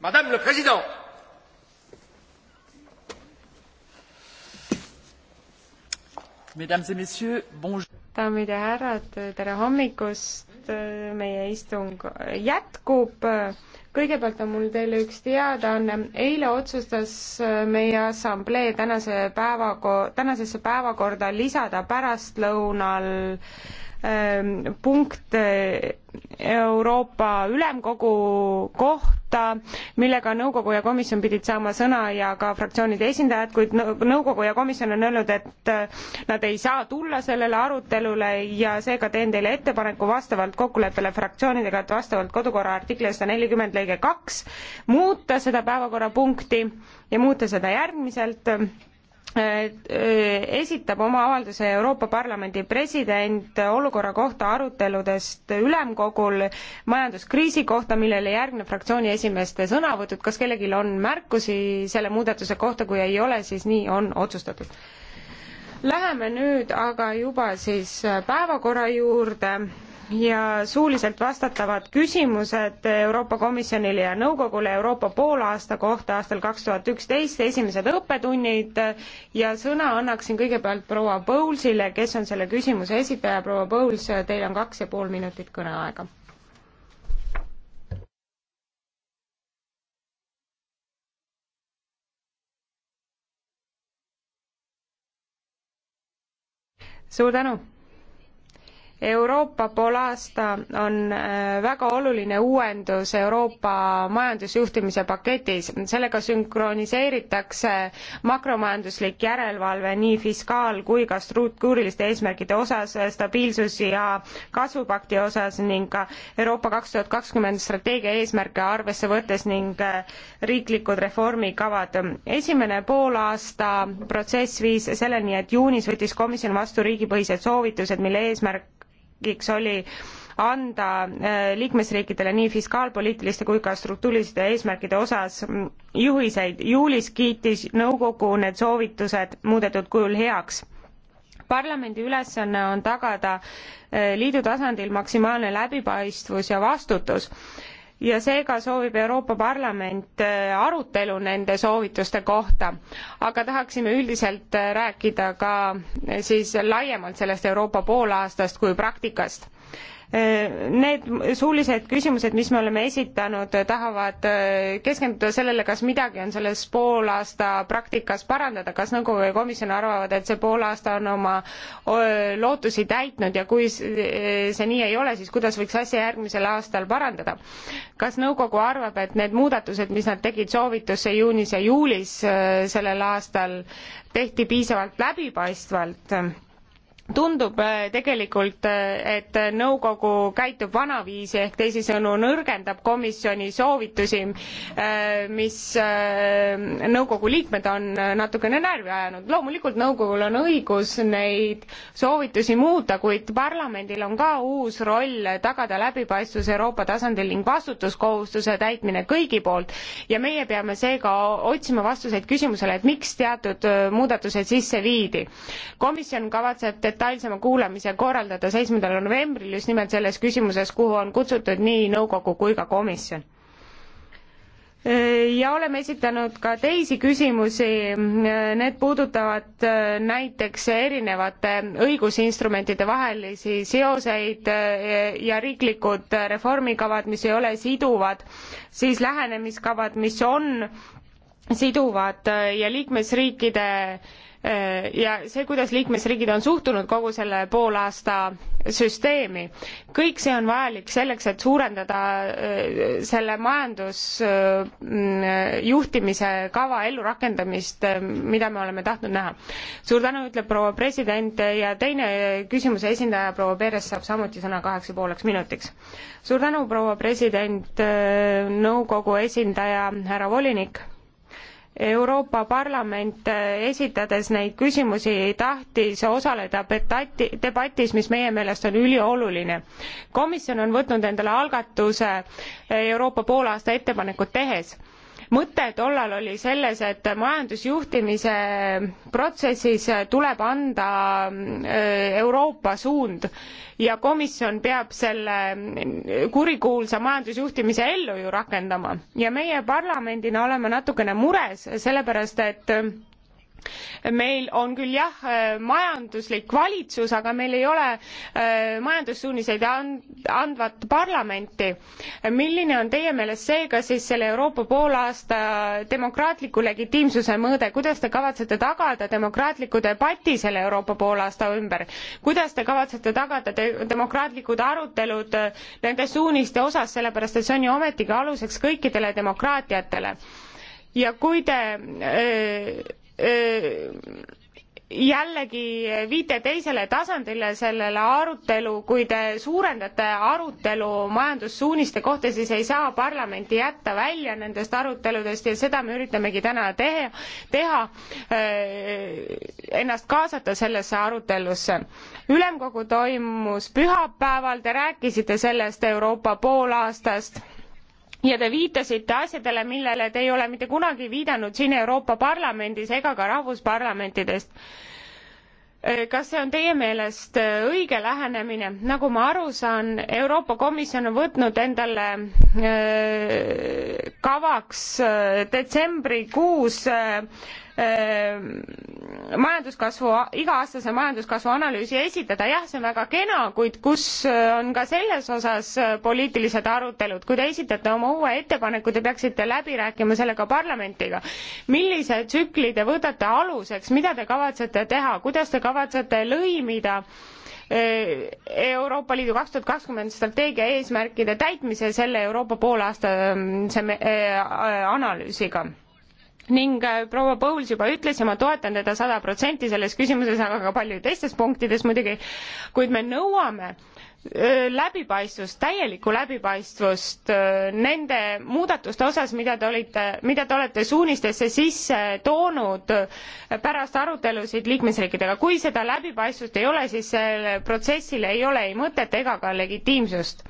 Madame le Président, Mesdames et Messieurs, bonjour. daamid ja härrad, tere hommikust, meie istung jätkub. kõigepealt on mul teile üks teadaanne, eile otsustas meie assamblee tänase päeva, tänasesse päevakorda lisada pärastlõunal äh, Ähm, punkt äh, Euroopa Ülemkogu kohta, millega nõukogu ja komisjon pidid saama sõna ja ka fraktsioonide esindajad, kuid nõukogu ja komisjon on öelnud, et äh, nad ei saa tulla sellele arutelule ja seega teen teile ettepaneku vastavalt kokkuleppele fraktsioonidega, et vastavalt kodukorra artikli sada nelikümmend lõige kaks muuta seda päevakorrapunkti ja muuta seda järgmiselt Äh, äh, esitab oma avalduse Euroopa Parlamendi president olukorra kohta aruteludest ülemkogul majanduskriisi kohta, millele järgneb fraktsiooni esimeeste sõnavõtud. kas kellelgi on märkusi selle muudatuse kohta, kui ei ole, siis nii on otsustatud. Läheme nüüd aga juba siis päevakorra juurde ja suuliselt vastatavad küsimused Euroopa Komisjonile ja Nõukogule Euroopa poolaasta kohta aastal kaks tuhat üksteist, esimesed õppetunnid ja sõna annaksin kõigepealt proua Põulsile, kes on selle küsimuse esitaja, proua Põuls, teil on kaks ja pool minutit kõneaega. suur tänu! Euroopa poolaasta on äh, väga oluline uuendus Euroopa majandusjuhtimise paketis. sellega sünkroniseeritakse makromajanduslik järelevalve nii fiskaal- kui ka struktuuriliste eesmärkide osas, stabiilsus- ja kasvupakti osas ning ka Euroopa kaks tuhat kakskümmend strateegia eesmärke arvesse võttes ning äh, riiklikud reformikavad. esimene poolaasta protsess viis selleni, et juunis võttis komisjon vastu riigipõhised soovitused, mille eesmärk eesmärgiks oli anda äh, liikmesriikidele nii fiskaalpoliitiliste kui ka struktuuriliste eesmärkide osas mm, juhiseid. juulis kiitis nõukogu need soovitused muudetud kujul heaks parlamendi ülesanne on tagada äh, liidu tasandil maksimaalne läbipaistvus ja vastutus ja seega soovib Euroopa Parlament äh, arutelu nende soovituste kohta. aga tahaksime üldiselt äh, rääkida ka äh, siis laiemalt sellest Euroopa poolaastast kui praktikast Äh, need suulised küsimused, mis me oleme esitanud, tahavad äh, keskenduda sellele, kas midagi on selles poolaasta praktikas parandada, kas nõukogu ja komisjon arvavad, et see poolaasta on oma lootusi täitnud ja kui äh, see nii ei ole, siis kuidas võiks asja järgmisel aastal parandada. kas nõukogu arvab, et need muudatused, mis nad tegid soovitusse juunis ja juulis sellel aastal, tehti piisavalt läbipaistvalt? tundub äh, tegelikult, äh, et nõukogu käitub vanaviisi ehk teisisõnu nõrgendab komisjoni soovitusi, äh, mis nõukogu liikmed on natukene närvi ajanud. loomulikult nõukogul on õigus neid soovitusi muuta, kuid parlamendil on ka uus roll tagada läbipaistvus Euroopa tasandil ning vastutuskohustuse täitmine kõigi poolt ja meie peame seega otsima vastuseid küsimusele, et miks teatud muudatused sisse viidi. komisjon kavatseb detailsema kuulamise korraldada seitsmendal novembril just nimelt selles küsimuses, kuhu on kutsutud nii nõukogu kui ka komisjon ja oleme esitanud ka teisi küsimusi, need puudutavad näiteks erinevate õigusinstrumentide vahelisi seoseid ja riiklikud reformikavad, mis ei ole siduvad, siis lähenemiskavad, mis on siduvad ja liikmesriikide Äh, ja see, kuidas liikmesriigid on suhtunud kogu selle poolaasta süsteemi. kõik see on vajalik selleks, et suurendada äh, selle majandusjuhtimise äh, kava ellurakendamist, mida me oleme tahtnud näha. suur tänu, ütleb proua president ja teine küsimuse esindaja, proua Peeres, saab samuti sõna kaheks ja pooleks minutiks. suur tänu, proua president, nõukogu esindaja, härra volinik Euroopa Parlament äh, esitades neid küsimusi tahtis osaleda betati, debatis, mis meie meelest on ülioluline. komisjon on võtnud endale algatuse Euroopa poolaasta ettepanekut tehes mõte tollal oli selles, et majandusjuhtimise protsessis tuleb anda äh, Euroopa suund ja komisjon peab selle kurikuulsa majandusjuhtimise ellu ju rakendama ja meie parlamendina oleme natukene mures, sellepärast et meil on küll jah, äh, majanduslik valitsus, aga meil ei ole äh, majandussuuniseid andvat parlamenti. milline on teie meelest seega siis selle Euroopa poolaasta demokraatliku legitiimsuse mõõde, kuidas te kavatsete tagada demokraatliku debati selle Euroopa poolaasta ümber, kuidas te kavatsete tagada te demokraatlikud arutelud äh, nende suuniste osas, sellepärast et see on ju ometigi aluseks kõikidele demokraatiatele. ja kui te öö, jällegi viite teisele tasandile sellele arutelu, kui te suurendate arutelu majandussuuniste kohta, siis ei saa parlamenti jätta välja nendest aruteludest ja seda me üritamegi täna teha, teha, ennast kaasata sellesse arutelusse. ülemkogu toimus pühapäeval, te rääkisite sellest Euroopa poolaastast ja te viitasite asjadele, millele te ei ole mitte kunagi viidanud siin Euroopa Parlamendis ega ka rahvusparlamentidest. kas see on teie meelest õige lähenemine? nagu ma aru saan, Euroopa Komisjon on võtnud endale äh, kavaks äh, detsembrikuus äh, Ehm, majanduskasvu, iga-aastase majanduskasvu analüüsi esitada, jah, see on väga kena, kuid kus äh, on ka selles osas äh, poliitilised arutelud, kui te esitate oma uue ettepaneku, te peaksite läbi rääkima selle ka parlamentiga. millise tsükli te võtate aluseks, mida te kavatsete teha, kuidas te kavatsete lõimida äh, Euroopa Liidu kaks tuhat kakskümmend strateegia eesmärkide täitmise selle Euroopa poolaasta analüüsiga? ning äh, proua Pauls juba ütles ja ma toetan teda sada protsenti selles küsimuses, aga ka palju teistes punktides muidugi, kuid me nõuame äh, läbipaistvust, täielikku läbipaistvust äh, nende muudatuste osas, mida te olite, mida te olete suunistesse sisse toonud pärast arutelusid liikmesriikidega. kui seda läbipaistvust ei ole, siis sellele protsessile ei ole ei mõtet ega ka legitiimsust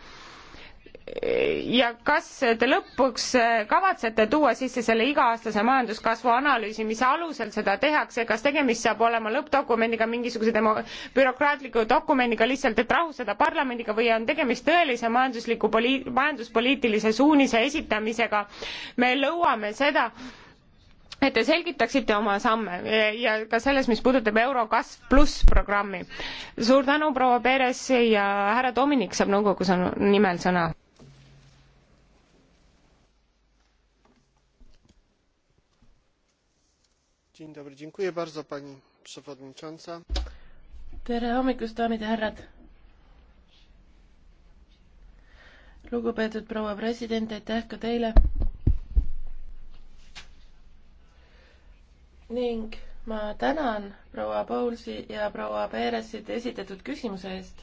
ja kas te lõpuks kavatsete tuua sisse selle iga-aastase majanduskasvu analüüsi, mis alusel seda tehakse, kas tegemist saab olema lõppdokumendiga, mingisuguse demo-, bürokraatliku dokumendiga lihtsalt, et rahustada parlamendiga või on tegemist tõelise majandusliku poli-, majanduspoliitilise suunise esitamisega, me nõuame seda, et te selgitaksite oma samme ja ka selles, mis puudutab Eurokasv pluss programmi. suur tänu, proua Peres ja härra Dominik saab nõukogu nimel sõna tere hommikust, daamid ja härrad! lugupeetud proua president, aitäh ka teile! ning ma tänan proua Paulsi ja proua Peeresit esitatud küsimuse eest,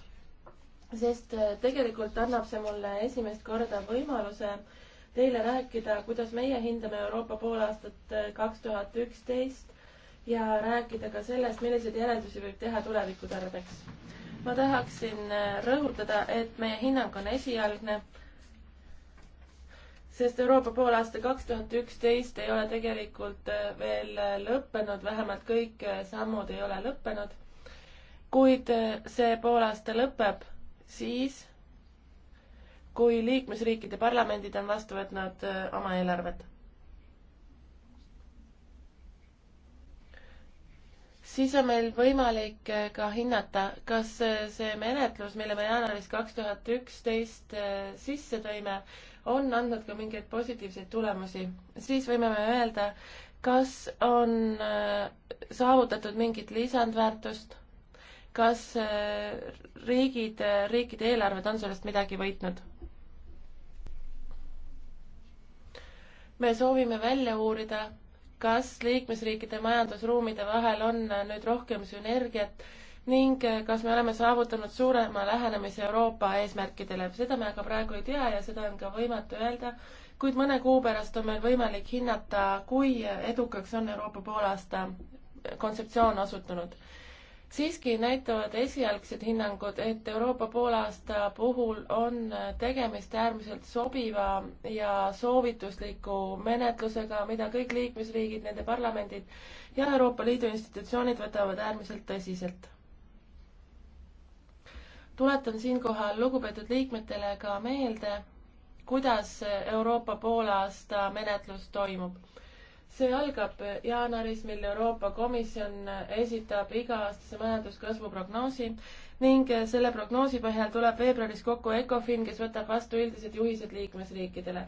sest tegelikult annab see mulle esimest korda võimaluse teile rääkida, kuidas meie hindame Euroopa poolaastat äh, kaks tuhat üksteist ja rääkida ka sellest, milliseid järeldusi võib teha tuleviku tarbeks. ma tahaksin äh, rõhutada, et meie hinnang on esialgne, sest Euroopa poolaasta kaks tuhat üksteist ei ole tegelikult äh, veel lõppenud, vähemalt kõik sammud ei ole lõppenud kuid see poolaasta lõpeb siis, kui liikmesriikide parlamendid on vastu võtnud äh, oma eelarved. siis on meil võimalik äh, ka hinnata, kas äh, see menetlus, mille me jaanuaris kaks tuhat üksteist sisse tõime, on andnud ka mingeid positiivseid tulemusi. siis võime me öelda, kas on saavutatud mingit lisandväärtust kas riigid, riikide eelarved on sellest midagi võitnud? me soovime välja uurida, kas liikmesriikide majandusruumide vahel on nüüd rohkem sünergiat ning kas me oleme saavutanud suurema lähenemise Euroopa eesmärkidele. seda me aga praegu ei tea ja seda on ka võimatu öelda, kuid mõne kuu pärast on meil võimalik hinnata, kui edukaks on Euroopa poolaasta kontseptsioon osutunud siiski näitavad esialgsed hinnangud, et Euroopa poolaasta puhul on tegemist äärmiselt sobiva ja soovitusliku menetlusega, mida kõik liikmesriigid, nende parlamendid ja Euroopa Liidu institutsioonid võtavad äärmiselt tõsiselt. tuletan siinkohal lugupeetud liikmetele ka meelde, kuidas Euroopa poolaasta menetlus toimub see algab jaanuaris, mil Euroopa Komisjon esitab iga-aastase majanduskasvu prognoosi ning selle prognoosi põhjal tuleb veebruaris kokku ECOFIN, kes võtab vastu üldised juhised liikmesriikidele.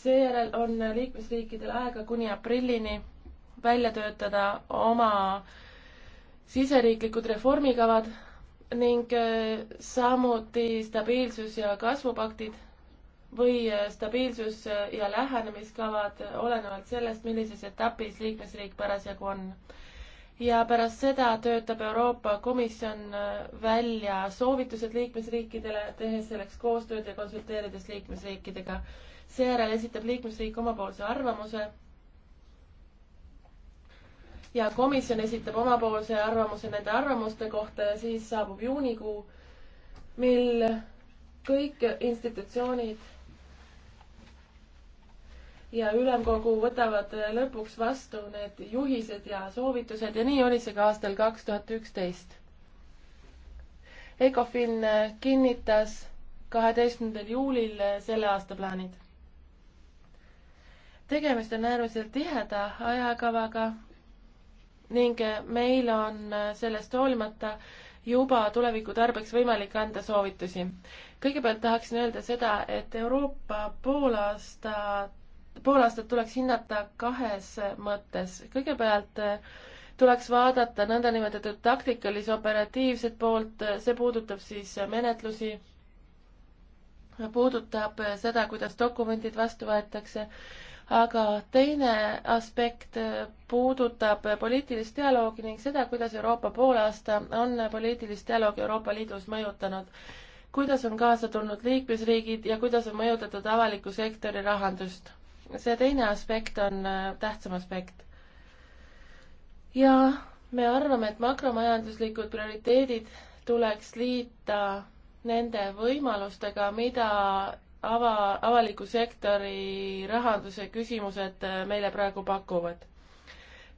seejärel on liikmesriikidel aega kuni aprillini välja töötada oma siseriiklikud reformikavad ning eh, samuti stabiilsus- ja kasvupaktid või äh, stabiilsus- äh, ja lähenemiskavad, äh, olenevalt sellest, millises etapis liikmesriik parasjagu on. ja pärast seda töötab Euroopa Komisjon välja soovitused liikmesriikidele, tehes selleks koostööd ja konsulteerides liikmesriikidega. seejärel esitab liikmesriik omapoolse arvamuse ja komisjon esitab omapoolse arvamuse nende arvamuste kohta ja siis saabub juunikuu, mil kõik institutsioonid ja ülemkogu võtavad lõpuks vastu need juhised ja soovitused ja nii oli see ka aastal kaks tuhat üksteist. Ecofin kinnitas kaheteistkümnendal juulil selle aasta plaanid. tegemist on äärmiselt tiheda ajakavaga ning meil on sellest hoolimata juba tuleviku tarbeks võimalik anda soovitusi. kõigepealt tahaksin öelda seda, et Euroopa poolaasta pool aastat tuleks hinnata kahes mõttes. kõigepealt äh, tuleks vaadata nõndanimetatud taktikalise operatiivset poolt, see puudutab siis menetlusi, puudutab seda, kuidas dokumendid vastu võetakse, aga teine aspekt puudutab poliitilist dialoogi ning seda, kuidas Euroopa poolaasta on poliitilist dialoogi Euroopa Liidus mõjutanud kuidas on kaasa tulnud liikmesriigid ja kuidas on mõjutatud avaliku sektori rahandust see teine aspekt on äh, tähtsam aspekt. ja me arvame, et makromajanduslikud prioriteedid tuleks liita nende võimalustega, mida ava, avaliku sektori rahanduse küsimused äh, meile praegu pakuvad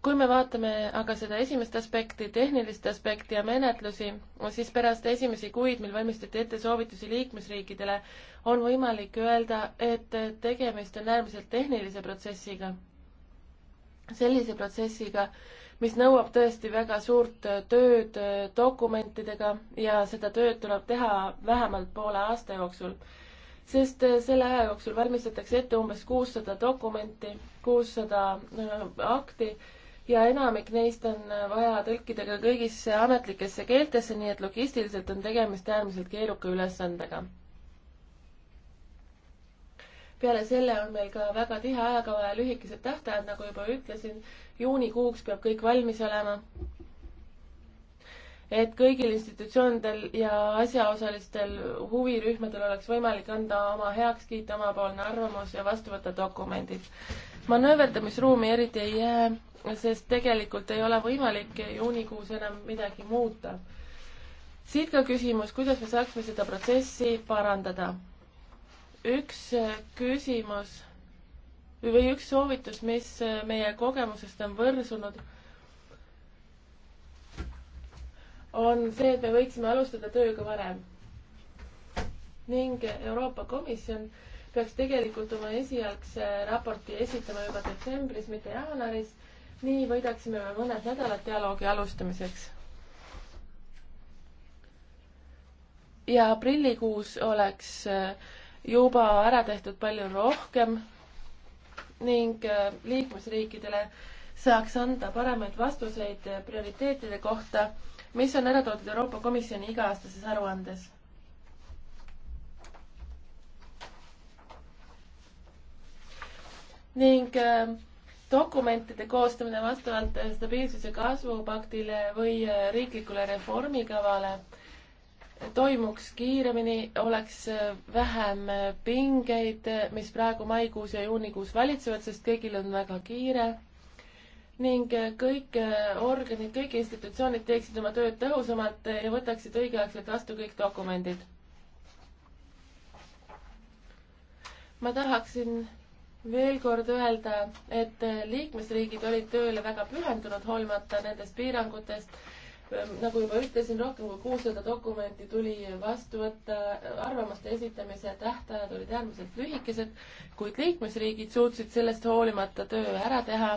kui me vaatame aga seda esimest aspekti, tehnilist aspekti ja menetlusi, siis pärast esimesi kuid, mil valmistati ette soovitusi liikmesriikidele, on võimalik öelda, et tegemist on äärmiselt tehnilise protsessiga. sellise protsessiga, mis nõuab tõesti väga suurt tööd dokumentidega ja seda tööd tuleb teha vähemalt poole aasta jooksul, sest selle aja jooksul valmistatakse ette umbes kuussada dokumenti, kuussada äh, akti ja enamik neist on vaja tõlkida ka kõigisse ametlikesse keeltesse, nii et logistiliselt on tegemist äärmiselt keeruka ülesandega peale selle on meil ka väga tihe ajakava ja lühikesed tähtajad, nagu juba ütlesin. juunikuuks peab kõik valmis olema. et kõigil institutsioonidel ja asjaosalistel huvirühmadel oleks võimalik anda oma heakskiit, omapoolne arvamus ja vastu võtta dokumendid. manööverdamisruumi eriti ei jää, sest tegelikult ei ole võimalik juunikuus enam midagi muuta siit ka küsimus, kuidas me saaksime seda protsessi parandada üks äh, küsimus või üks soovitus, mis äh, meie kogemusest on võrsunud, on see, et me võiksime alustada tööga varem. ning Euroopa Komisjon peaks tegelikult oma esialgse raporti esitama juba detsembris, mitte jaanuaris. nii võidaksime me mõned nädalad dialoogi alustamiseks. ja aprillikuus oleks äh, juba ära tehtud palju rohkem ning äh, liikmesriikidele saaks anda paremaid vastuseid äh, prioriteetide kohta, mis on ära toodud Euroopa Komisjoni iga-aastases aruandes. ning äh, dokumentide koostamine vastavalt stabiilsuse kasvupaktile või riiklikule reformikavale toimuks kiiremini, oleks äh, vähem äh, pingeid, äh, mis praegu maikuus ja juunikuus valitsevad, sest kõigil on väga kiire ning kõik organid, kõik institutsioonid teeksid oma tööd tõhusamalt ja võtaksid õigeaegselt vastu kõik dokumendid. ma tahaksin veel kord öelda, et liikmesriigid olid tööle väga pühendunud, hoolimata nendest piirangutest Ehm, nagu juba ütlesin, rohkem kui kuussada dokumenti tuli vastu võtta, arvamuste esitamise tähtajad olid äärmiselt lühikesed, kuid liikmesriigid suutsid sellest hoolimata töö ära teha,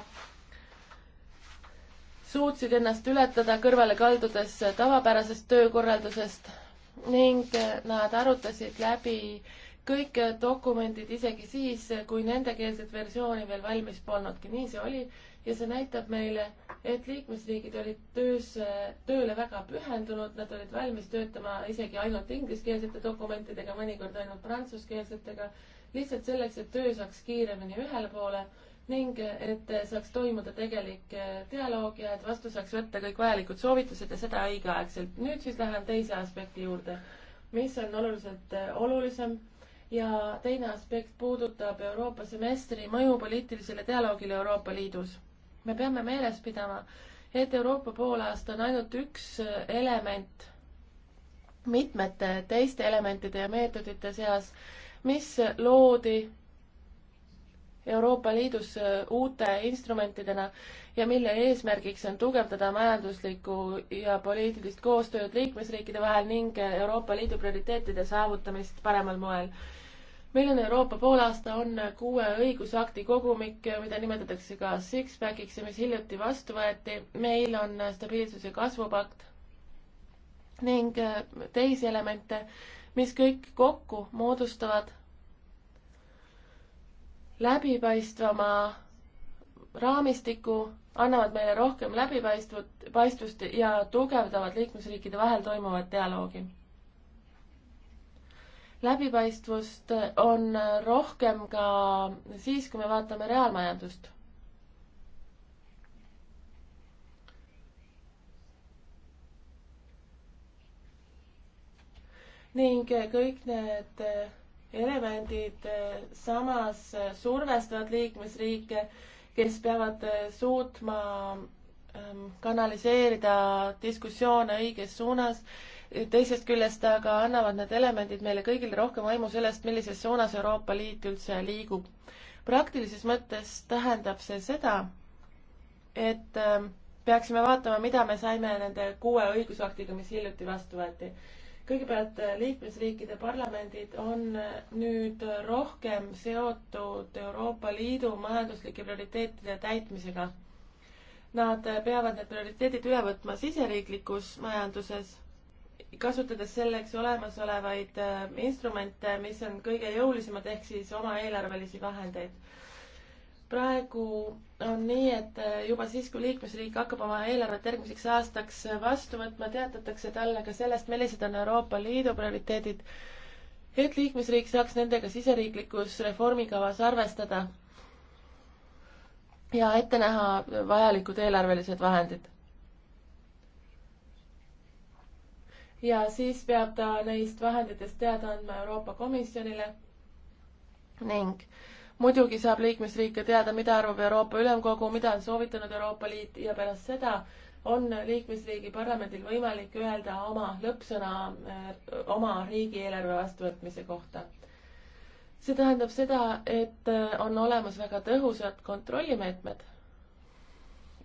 suutsid ennast ületada kõrvale kaldudes tavapärasest töökorraldusest ning nad arutasid läbi kõik dokumendid isegi siis, kui nendekeelset versiooni veel valmis polnudki, nii see oli ja see näitab meile, et liikmesriigid olid töösse, tööle väga pühendunud, nad olid valmis töötama isegi ainult ingliskeelsete dokumentidega, mõnikord ainult prantsuskeelsetega, lihtsalt selleks, et töö saaks kiiremini ühele poole ning et saaks toimuda tegelik eh, dialoog ja et vastu saaks võtta kõik vajalikud soovitused ja seda õigeaegselt. nüüd siis lähen teise aspekti juurde, mis on oluliselt eh, olulisem ja teine aspekt puudutab Euroopa semestri mõju poliitilisele dialoogile Euroopa Liidus me peame meeles pidama, et Euroopa poolaasta on ainult üks element mitmete teiste elementide ja meetodite seas, mis loodi Euroopa Liidus uute instrumentidena ja mille eesmärgiks on tugevdada majanduslikku ja poliitilist koostööd liikmesriikide vahel ning Euroopa Liidu prioriteetide saavutamist paremal moel meil on Euroopa poolaasta, on kuue õigusakti kogumik, mida nimetatakse ka six-packiks ja mis hiljuti vastu võeti. meil on stabiilsus- ja kasvupakt ning äh, teisi elemente, mis kõik kokku moodustavad läbipaistvama raamistiku, annavad meile rohkem läbipaistvut, paistvust ja tugevdavad liikmesriikide vahel toimuvat dialoogi läbipaistvust on rohkem ka siis, kui me vaatame reaalmajandust. ning kõik need elemendid samas survestavad liikmesriike, kes peavad suutma ähm, kanaliseerida diskussioone õiges suunas teisest küljest aga annavad need elemendid meile kõigile rohkem aimu sellest, millises suunas Euroopa Liit üldse liigub. praktilises mõttes tähendab see seda, et ähm, peaksime vaatama, mida me saime nende kuue õigusaktiga, mis hiljuti vastu võeti. kõigepealt äh, liikmesriikide parlamendid on äh, nüüd rohkem seotud Euroopa Liidu majanduslike prioriteetide täitmisega. Nad äh, peavad need prioriteedid üle võtma siseriiklikus majanduses kasutades selleks olemasolevaid äh, instrumente, mis on kõige jõulisemad, ehk siis oma eelarvelisi vahendeid. praegu on nii, et äh, juba siis, kui liikmesriik hakkab oma eelarvet järgmiseks aastaks vastu võtma, teatatakse talle ka sellest, millised on Euroopa Liidu prioriteedid, et liikmesriik saaks nendega siseriiklikus reformikavas arvestada ja ette näha vajalikud eelarvelised vahendid ja siis peab ta neist vahenditest teada andma Euroopa Komisjonile ning muidugi saab liikmesriike teada, mida arvab Euroopa Ülemkogu, mida on soovitanud Euroopa Liit ja pärast seda on liikmesriigi parlamendil võimalik öelda oma lõppsõna äh, oma riigieelarve vastuvõtmise kohta. see tähendab seda, et äh, on olemas väga tõhusad kontrollimeetmed,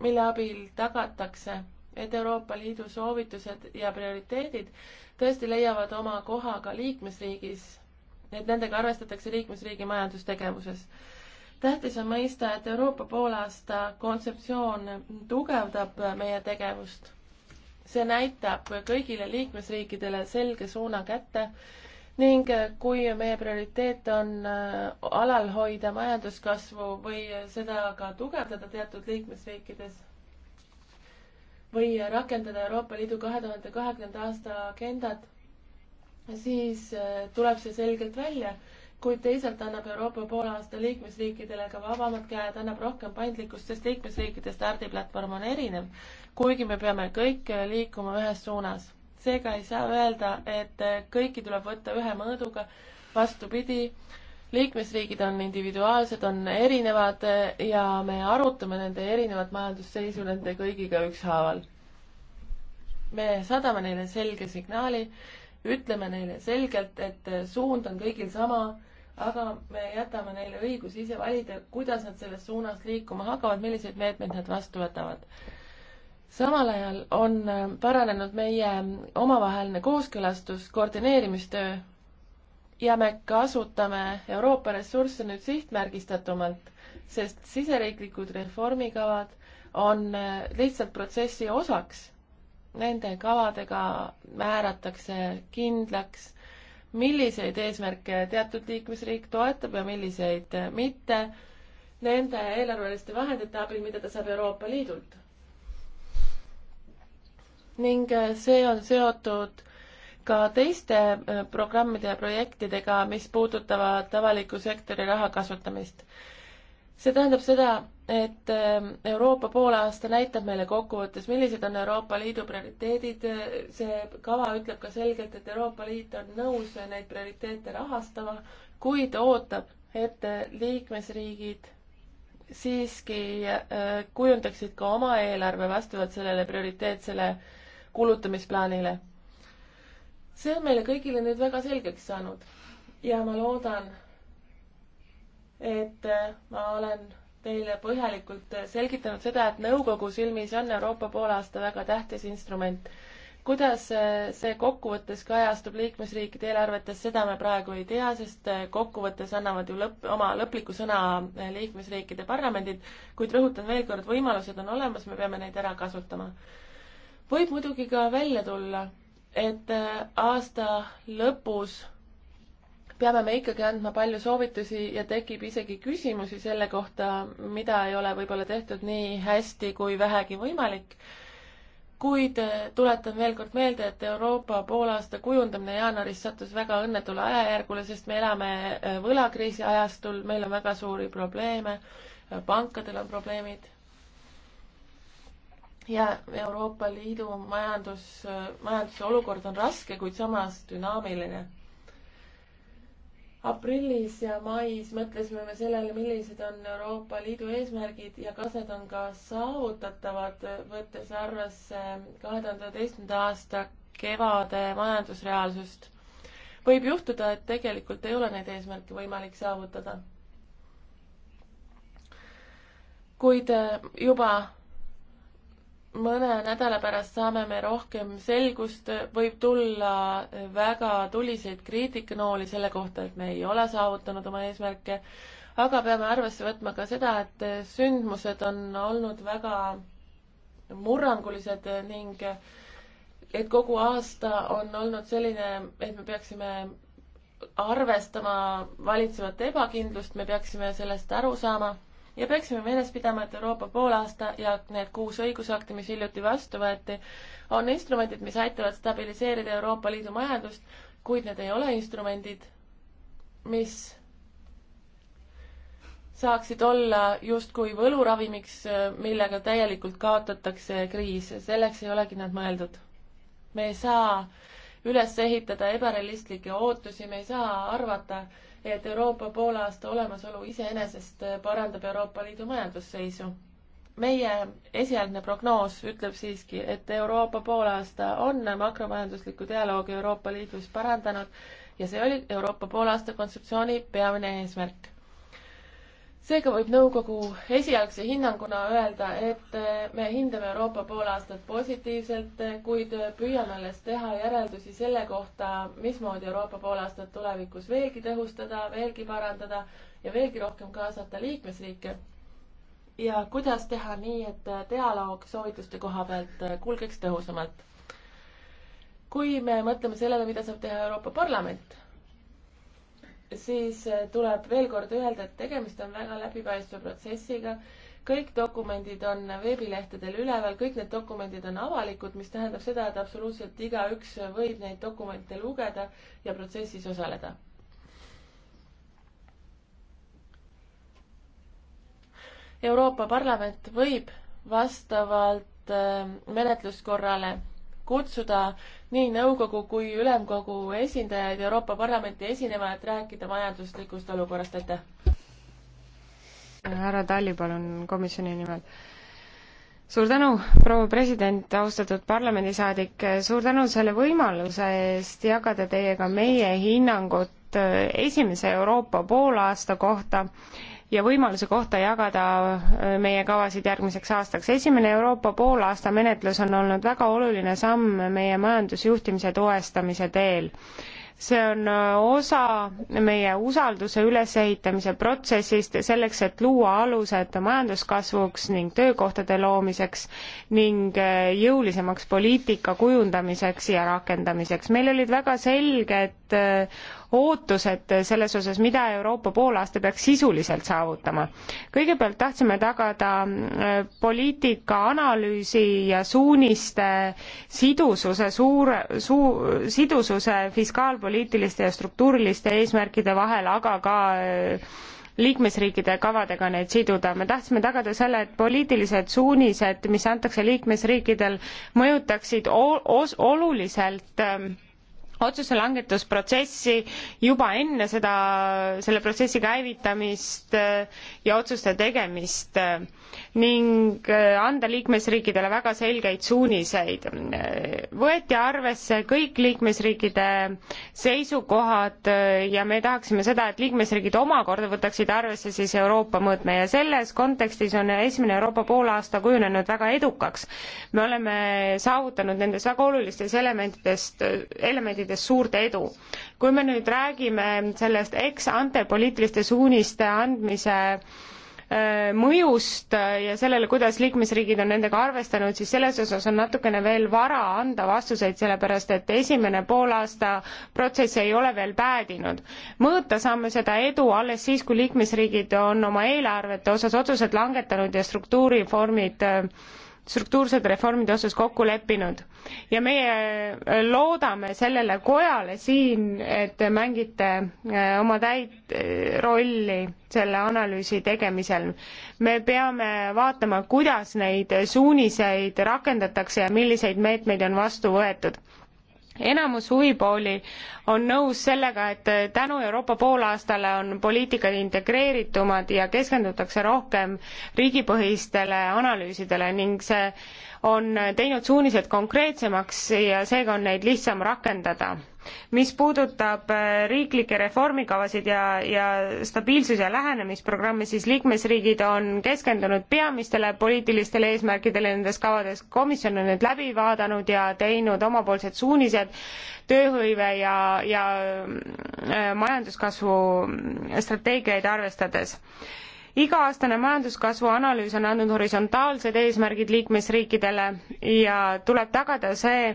mille abil tagatakse et Euroopa Liidu soovitused ja prioriteedid tõesti leiavad oma koha ka liikmesriigis, et nendega arvestatakse liikmesriigi majandustegevuses tähtis on mõista, et Euroopa poolaasta kontseptsioon tugevdab meie tegevust. see näitab kõigile liikmesriikidele selge suuna kätte ning kui meie prioriteet on äh, alal hoida majanduskasvu või seda ka tugevdada teatud liikmesriikides, või rakendada Euroopa Liidu kahe tuhande kahekümnenda aasta agendat, siis äh, tuleb see selgelt välja, kuid teisalt annab Euroopa poolaasta liikmesriikidele ka vabamad käed, annab rohkem paindlikkust, sest liikmesriikide stardiplatvorm on erinev, kuigi me peame kõik äh, liikuma ühes suunas. seega ei saa öelda, et äh, kõiki tuleb võtta ühe mõõduga, vastupidi liikmesriigid on individuaalsed, on erinevad eh, ja me arutame nende erinevat majandusseisu nende kõigiga ükshaaval. me saadame neile selge signaali, ütleme neile selgelt, et eh, suund on kõigil sama, aga me jätame neile õiguse ise valida, kuidas nad selles suunas liikuma hakkavad, milliseid meetmeid nad vastu võtavad samal ajal on eh, paranenud meie omavaheline kooskõlastus, koordineerimistöö ja me kasutame Euroopa ressursse nüüd sihtmärgistatumalt, sest siseriiklikud reformikavad on äh, lihtsalt protsessi osaks. Nende kavadega määratakse kindlaks, milliseid eesmärke teatud liikmesriik toetab ja milliseid äh, mitte, nende eelarveliste vahendite abil, mida ta saab Euroopa Liidult. ning äh, see on seotud ka teiste äh, programmide ja projektidega, mis puudutavad avaliku sektori raha kasutamist. see tähendab seda, et äh, Euroopa poolaasta näitab meile kokkuvõttes, millised on Euroopa Liidu prioriteedid, see kava ütleb ka selgelt, et Euroopa Liit on nõus neid prioriteete rahastama, kuid ootab, et liikmesriigid siiski äh, kujundaksid ka oma eelarve vastavalt sellele prioriteetsele kulutamisplaanile see on meile kõigile nüüd väga selgeks saanud ja ma loodan, et ma olen teile põhjalikult selgitanud seda, et nõukogu silmis on Euroopa poolaasta väga tähtis instrument. kuidas see kokkuvõttes kajastub liikmesriikide eelarvetes, seda me praegu ei tea, sest kokkuvõttes annavad ju lõpp, oma lõpliku sõna liikmesriikide parlamendid, kuid rõhutan veel kord, võimalused on olemas, me peame neid ära kasutama. võib muidugi ka välja tulla et äh, aasta lõpus peame me ikkagi andma palju soovitusi ja tekib isegi küsimusi selle kohta, mida ei ole võib-olla tehtud nii hästi kui vähegi võimalik. kuid äh, tuletan veel kord meelde, et Euroopa poolaasta kujundamine jaanuaris sattus väga õnnetule ajajärgule, sest me elame äh, võlakriisi ajastul, meil on väga suuri probleeme, pankadel on probleemid ja Euroopa Liidu majandus, majanduse olukord on raske, kuid samas dünaamiline. aprillis ja mais mõtlesime me sellele, millised on Euroopa Liidu eesmärgid ja kas need on ka saavutatavad, võttes arvesse kahe tuhande üheteistkümnenda aasta kevade majandusreaalsust. võib juhtuda, et tegelikult ei ole neid eesmärke võimalik saavutada. kuid juba mõne nädala pärast saame me rohkem selgust, võib tulla väga tuliseid kriitikanooli selle kohta, et me ei ole saavutanud oma eesmärke, aga peame arvesse võtma ka seda, et sündmused on olnud väga murrangulised ning et kogu aasta on olnud selline, et me peaksime arvestama valitsevat ebakindlust, me peaksime sellest aru saama ja peaksime meeles pidama, et Euroopa poolaasta ja need kuus õigusakti, mis hiljuti vastu võeti, on instrumendid, mis aitavad stabiliseerida Euroopa Liidu majandust, kuid need ei ole instrumendid, mis saaksid olla justkui võluravimiks, millega täielikult kaotatakse kriis, selleks ei olegi nad mõeldud. me ei saa üles ehitada ebarealistlikke ootusi, me ei saa arvata, et Euroopa poolaasta olemasolu iseenesest parandab Euroopa Liidu majandusseisu. meie esialgne prognoos ütleb siiski, et Euroopa poolaasta on makromajandusliku dialoogi Euroopa Liidus parandanud ja see oli Euroopa poolaasta kontseptsiooni peamine eesmärk seega võib nõukogu esialgse hinnanguna öelda, et me hindame Euroopa pool aastat positiivselt, kuid püüame alles teha järeldusi selle kohta, mismoodi Euroopa pool aastat tulevikus veelgi tõhustada, veelgi parandada ja veelgi rohkem kaasata liikmesriike. ja kuidas teha nii, et dialoog soovituste koha pealt kulgeks tõhusamalt. kui me mõtleme sellele, mida saab teha Euroopa Parlament siis äh, tuleb veel kord öelda, et tegemist on väga läbipaistva protsessiga. kõik dokumendid on veebilehtedel üleval, kõik need dokumendid on avalikud, mis tähendab seda, et absoluutselt igaüks võib neid dokumente lugeda ja protsessis osaleda. Euroopa Parlament võib vastavalt äh, menetluskorrale kutsuda nii nõukogu kui ülemkogu esindajaid Euroopa Parlamenti esinema, et rääkida majanduslikust olukorrast, aitäh! härra Talli, palun komisjoni nimel. suur tänu, proua president, austatud parlamendisaadik, suur tänu selle võimaluse eest jagada teiega meie hinnangut esimese Euroopa poolaasta kohta ja võimaluse kohta jagada äh, meie kavasid järgmiseks aastaks. esimene Euroopa poolaasta menetlus on olnud väga oluline samm meie majandusjuhtimise toestamise teel. see on äh, osa meie usalduse ülesehitamise protsessist selleks, et luua alused majanduskasvuks ning töökohtade loomiseks ning äh, jõulisemaks poliitika kujundamiseks ja rakendamiseks. meil olid väga selged ootused selles osas, mida Euroopa poolaasta peaks sisuliselt saavutama. kõigepealt tahtsime tagada äh, poliitika analüüsi ja suuniste sidususe suure, suu-, sidususe fiskaalpoliitiliste ja struktuuriliste eesmärkide vahel, aga ka äh, liikmesriikide kavadega neid siduda. me tahtsime tagada selle, et poliitilised suunised, mis antakse liikmesriikidel, mõjutaksid oluliselt ähm, otsuse langetusprotsessi juba enne seda, selle protsessi käivitamist äh, ja otsuste tegemist äh, ning äh, anda liikmesriikidele väga selgeid suuniseid. võeti arvesse kõik liikmesriikide seisukohad äh, ja me tahaksime seda, et liikmesriigid omakorda võtaksid arvesse siis Euroopa mõõtme ja selles kontekstis on esimene Euroopa poolaasta kujunenud väga edukaks. me oleme saavutanud nendes väga olulistes elementidest, elementides suurt edu. kui me nüüd räägime sellest ex-ante poliitiliste suuniste andmise Äh, mõjust äh, ja sellele, kuidas liikmesriigid on nendega arvestanud, siis selles osas on natukene veel vara anda vastuseid, sellepärast et esimene poolaasta protsess ei ole veel päädinud. mõõta saame seda edu alles siis, kui liikmesriigid on oma eelarvete osas otsused langetanud ja struktuurireformid äh, struktuursete reformide osas kokku leppinud. ja meie äh, loodame sellele kojale siin, et te mängite äh, oma täit äh, rolli selle analüüsi tegemisel. me peame vaatama, kuidas neid suuniseid rakendatakse ja milliseid meetmeid on vastu võetud enamus huvipooli on nõus sellega, et tänu Euroopa poolaastale on poliitikad integreeritumad ja keskendutakse rohkem riigipõhistele analüüsidele ning see on teinud suunised konkreetsemaks ja seega on neid lihtsam rakendada. mis puudutab äh, riiklikke reformikavasid ja, ja stabiilsus- ja lähenemisprogrammi, siis liikmesriigid on keskendunud peamistele poliitilistele eesmärkidele nendes kavades, komisjon on need läbi vaadanud ja teinud omapoolsed suunised tööhõive ja, ja äh, majanduskasvu strateegiaid arvestades iga-aastane majanduskasvu analüüs on andnud horisontaalsed eesmärgid liikmesriikidele ja tuleb tagada see,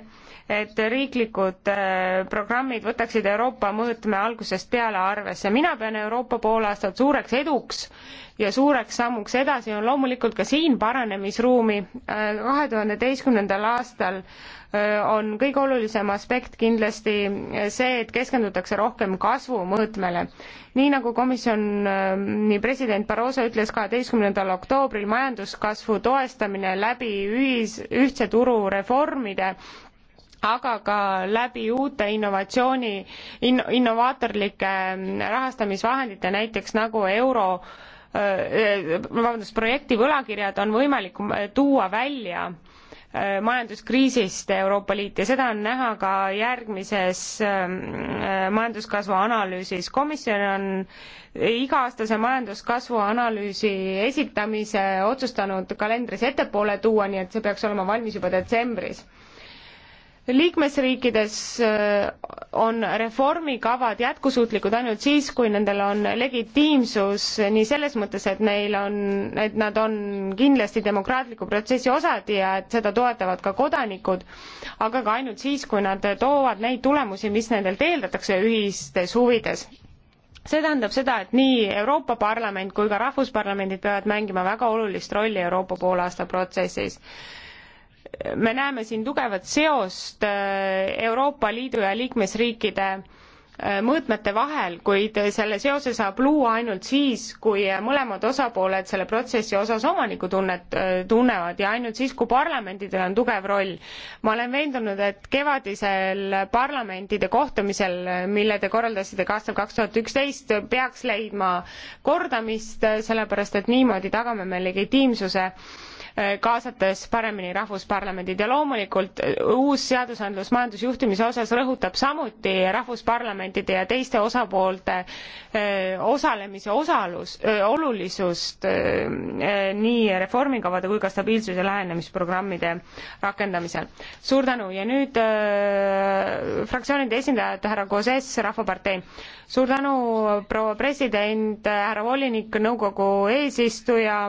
et riiklikud äh, programmid võtaksid Euroopa mõõtme algusest peale arvesse. mina pean Euroopa poolaastat suureks eduks ja suureks sammuks edasi on loomulikult ka siin paranemisruumi. Äh, kahe tuhande teistkümnendal aastal Äh, on kõige olulisem aspekt kindlasti see, et keskendutakse rohkem kasvumõõtmele. nii nagu komisjoni äh, president Barroso ütles kaheteistkümnendal oktoobril, majanduskasvu toestamine läbi ühis, ühtse turu reformide aga ka läbi uute innovatsiooni in,, innovaatorlike äh, rahastamisvahendite, näiteks nagu euro vabandust, projekti võlakirjad on võimalik tuua välja äh, Äh, majanduskriisist Euroopa Liit ja seda on näha ka järgmises ähm, äh, majanduskasvu analüüsis. komisjon on iga-aastase majanduskasvu analüüsi esitamise otsustanud kalendris ettepoole tuua, nii et see peaks olema valmis juba detsembris liikmesriikides äh, on reformikavad jätkusuutlikud ainult siis, kui nendel on legitiimsus nii selles mõttes, et neil on, et nad on kindlasti demokraatliku protsessi osad ja et seda toetavad ka kodanikud, aga ka ainult siis, kui nad toovad neid tulemusi, mis nendelt eeldatakse ühistes huvides see tähendab seda, et nii Euroopa Parlament kui ka rahvusparlamendid peavad mängima väga olulist rolli Euroopa poolaasta protsessis me näeme siin tugevat seost äh, Euroopa Liidu ja liikmesriikide äh, mõõtmete vahel, kuid selle seose saab luua ainult siis, kui mõlemad osapooled selle protsessi osas omanikutunnet äh, tunnevad ja ainult siis, kui parlamendidel on tugev roll. ma olen veendunud, et kevadisel parlamentide kohtumisel, mille te korraldasite ka aastal kaks tuhat üksteist, peaks leidma kordamist, sellepärast et niimoodi tagame me legitiimsuse äh, Äh, kaasates paremini rahvusparlamendid ja loomulikult äh, uus seadusandlus majandusjuhtimise osas rõhutab samuti rahvusparlamentide ja teiste osapoolte äh, osalemise osalus, olulisust nii reformikavade kui ka stabiilsuse lähenemisprogrammide rakendamisel. suur tänu ja nüüd fraktsioonide esindajad, härra Kozes, Rahvapartei. suur tänu, proua president, härra volinik, nõukogu eesistuja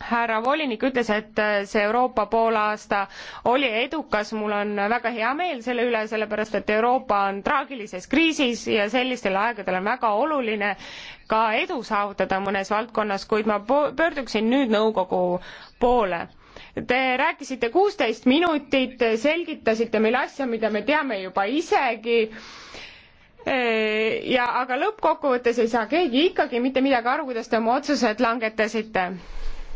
härra volinik ütles, et äh, see Euroopa poolaasta oli edukas, mul on väga hea meel selle üle, sellepärast et Euroopa on traagilises kriisis ja sellistel aegadel on väga oluline ka edu saavutada mõnes valdkonnas, kuid ma pöörduksin nüüd nõukogu poole. Te rääkisite kuusteist minutit, selgitasite meile asja, mida me teame juba isegi ja aga lõppkokkuvõttes ei saa keegi ikkagi mitte midagi aru, kuidas te oma otsused langetasite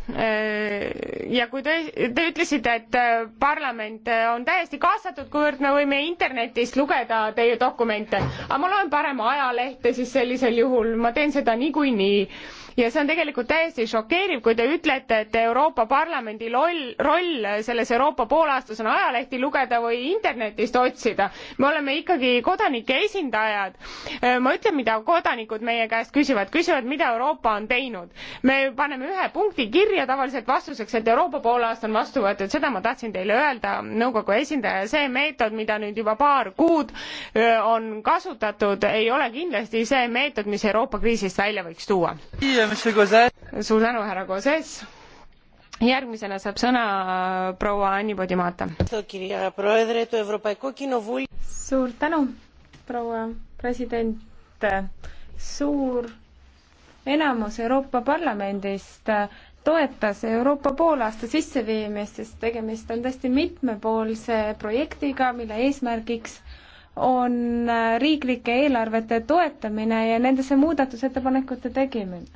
Äh, ja kui te, te ütlesite, et äh, parlament äh, on täiesti kaasatud, kuivõrd me võime internetist lugeda teie dokumente, aga ma loen parem ajalehte siis sellisel juhul, ma teen seda niikuinii ja see on tegelikult täiesti šokeeriv, kui te ütlete, et Euroopa Parlamendi loll, roll selles Euroopa poolaastas on ajalehti lugeda või internetist otsida. me oleme ikkagi kodanike esindajad. ma ütlen, mida kodanikud meie käest küsivad, küsivad, mida Euroopa on teinud. me paneme ühe punkti kirja tavaliselt vastuseks, et Euroopa poolaasta on vastu võetud, seda ma tahtsin teile öelda, nõukogu esindaja, see meetod, mida nüüd juba paar kuud on kasutatud, ei ole kindlasti see meetod, mis Euroopa kriisist välja võiks tuua suur tänu, härra Gozes. järgmisena saab sõna proua Anni Podimata. suur tänu, proua president. suur enamus Euroopa Parlamendist toetas Euroopa poolaasta sisseviimist, sest tegemist on tõesti mitmepoolse projektiga, mille eesmärgiks on äh, riiklike eelarvete toetamine ja nendesse muudatusettepanekute tegemine.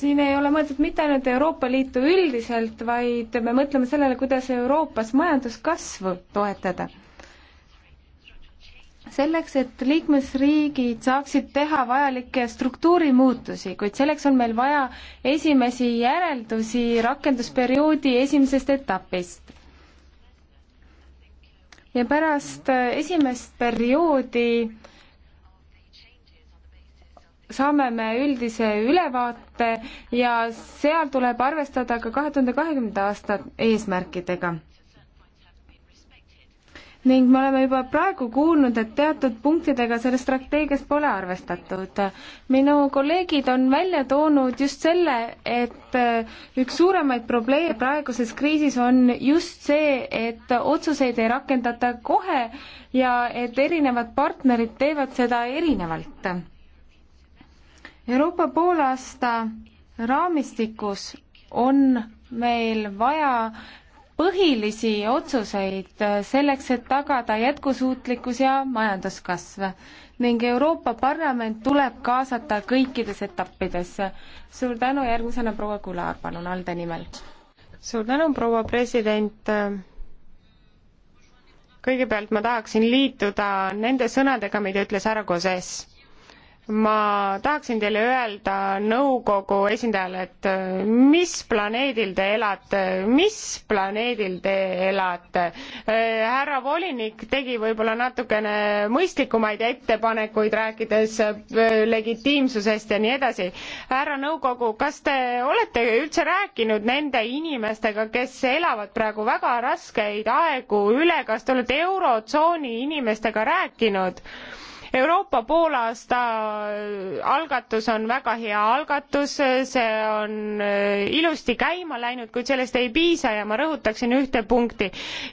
siin ei ole mõeldud mitte ainult Euroopa Liitu üldiselt, vaid me mõtleme sellele, kuidas Euroopas majanduskasvu toetada. selleks, et liikmesriigid saaksid teha vajalikke struktuurimuutusi, kuid selleks on meil vaja esimesi järeldusi rakendusperioodi esimesest etapist ja pärast äh, esimest perioodi saame me üldise ülevaate ja seal tuleb arvestada ka kahe tuhande kahekümnenda aasta eesmärkidega ning me oleme juba praegu kuulnud, et teatud punktidega selles strateegias pole arvestatud. minu kolleegid on välja toonud just selle, et äh, üks suuremaid probleeme praeguses kriisis on just see, et otsuseid ei rakendata kohe ja et erinevad partnerid teevad seda erinevalt. Euroopa poolaasta raamistikus on meil vaja põhilisi otsuseid äh, selleks, et tagada jätkusuutlikkus ja majanduskasv ning Euroopa Parlament tuleb kaasata kõikides etappides. suur tänu, järgmisena proua Kular, palun, ALDE nimel. suur tänu, proua president kõigepealt ma tahaksin liituda nende sõnadega, mida ütles härra Gozes ma tahaksin teile öelda nõukogu esindajale, et äh, mis planeedil te elate, mis planeedil te elate. Äh, härra volinik tegi võib-olla natukene mõistlikumaid ettepanekuid, rääkides äh, legitiimsusest ja nii edasi. härra nõukogu, kas te olete üldse rääkinud nende inimestega, kes elavad praegu väga raskeid aegu üle, kas te olete Eurotsooni inimestega rääkinud? Euroopa poolaasta algatus on väga hea algatus, see on äh, ilusti käima läinud, kuid sellest ei piisa ja ma rõhutaksin ühte punkti.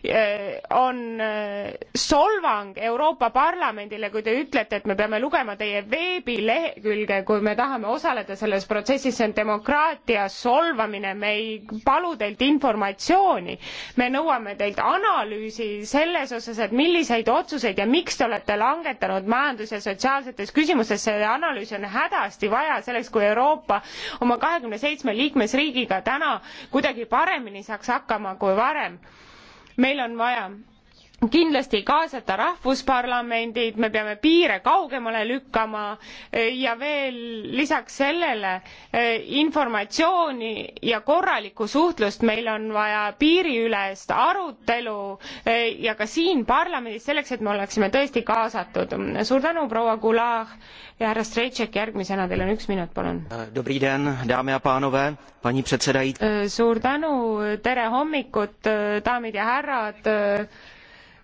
Äh, on äh, solvang Euroopa Parlamendile, kui te ütlete, et me peame lugema teie veebilehekülge, kui me tahame osaleda selles protsessis, see on demokraatia solvamine, me ei palu teilt informatsiooni, me nõuame teilt analüüsi selles osas, et milliseid otsuseid ja miks te olete langetanud määra majandus ja sotsiaalsetes küsimustes, see analüüs on hädasti vaja selleks, kui Euroopa oma kahekümne seitsme liikmesriigiga täna kuidagi paremini saaks hakkama kui varem. meil on vaja kindlasti kaasata rahvusparlamendid, me peame piire kaugemale lükkama ja veel lisaks sellele eh, informatsiooni ja korralikku suhtlust, meil on vaja piiriülest arutelu eh, ja ka siin parlamendis selleks, et me oleksime tõesti kaasatud. suur tänu, proua Gulag ja härra Strejček, järgmisena teil on üks minut, palun. Eh, suur tänu, tere hommikut, daamid ja härrad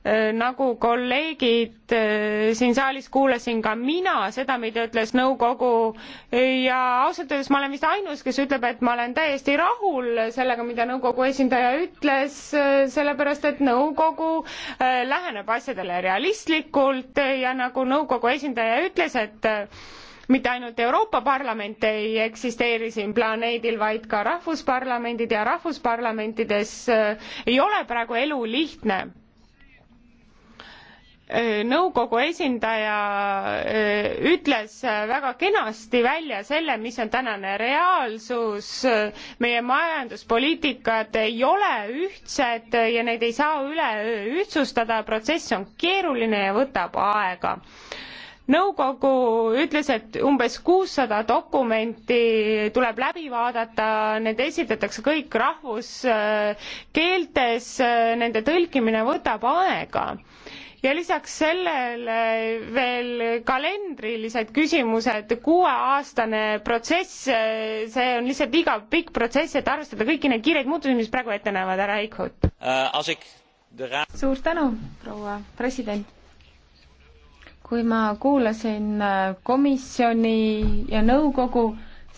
Äh, nagu kolleegid äh, siin saalis kuulasin ka mina seda, mida ütles nõukogu ja ausalt öeldes ma olen vist ainus, kes ütleb, et ma olen täiesti rahul sellega, mida nõukogu esindaja ütles, äh, sellepärast et nõukogu läheneb asjadele realistlikult ja nagu nõukogu esindaja ütles, et mitte ainult Euroopa Parlament ei eksisteeri siin planeedil, vaid ka rahvusparlamendid ja rahvusparlamentides ei ole praegu elu lihtne Äh, nõukogu esindaja äh, ütles äh, väga kenasti välja selle, mis on tänane reaalsus, meie majanduspoliitikad ei ole ühtsed ja neid ei saa üleöö ühtsustada, protsess on keeruline ja võtab aega nõukogu ütles, et umbes kuussada dokumenti tuleb läbi vaadata, need esitatakse kõik rahvuskeeltes, nende tõlkimine võtab aega ja lisaks sellele veel kalendrilised küsimused, kuueaastane protsess, see on lihtsalt liiga pikk protsess, et arvestada kõiki neid kiireid muutusi, mis praegu ette näevad, härra Eichhout uh,. suur tänu, proua president kui ma kuulasin äh, komisjoni ja nõukogu,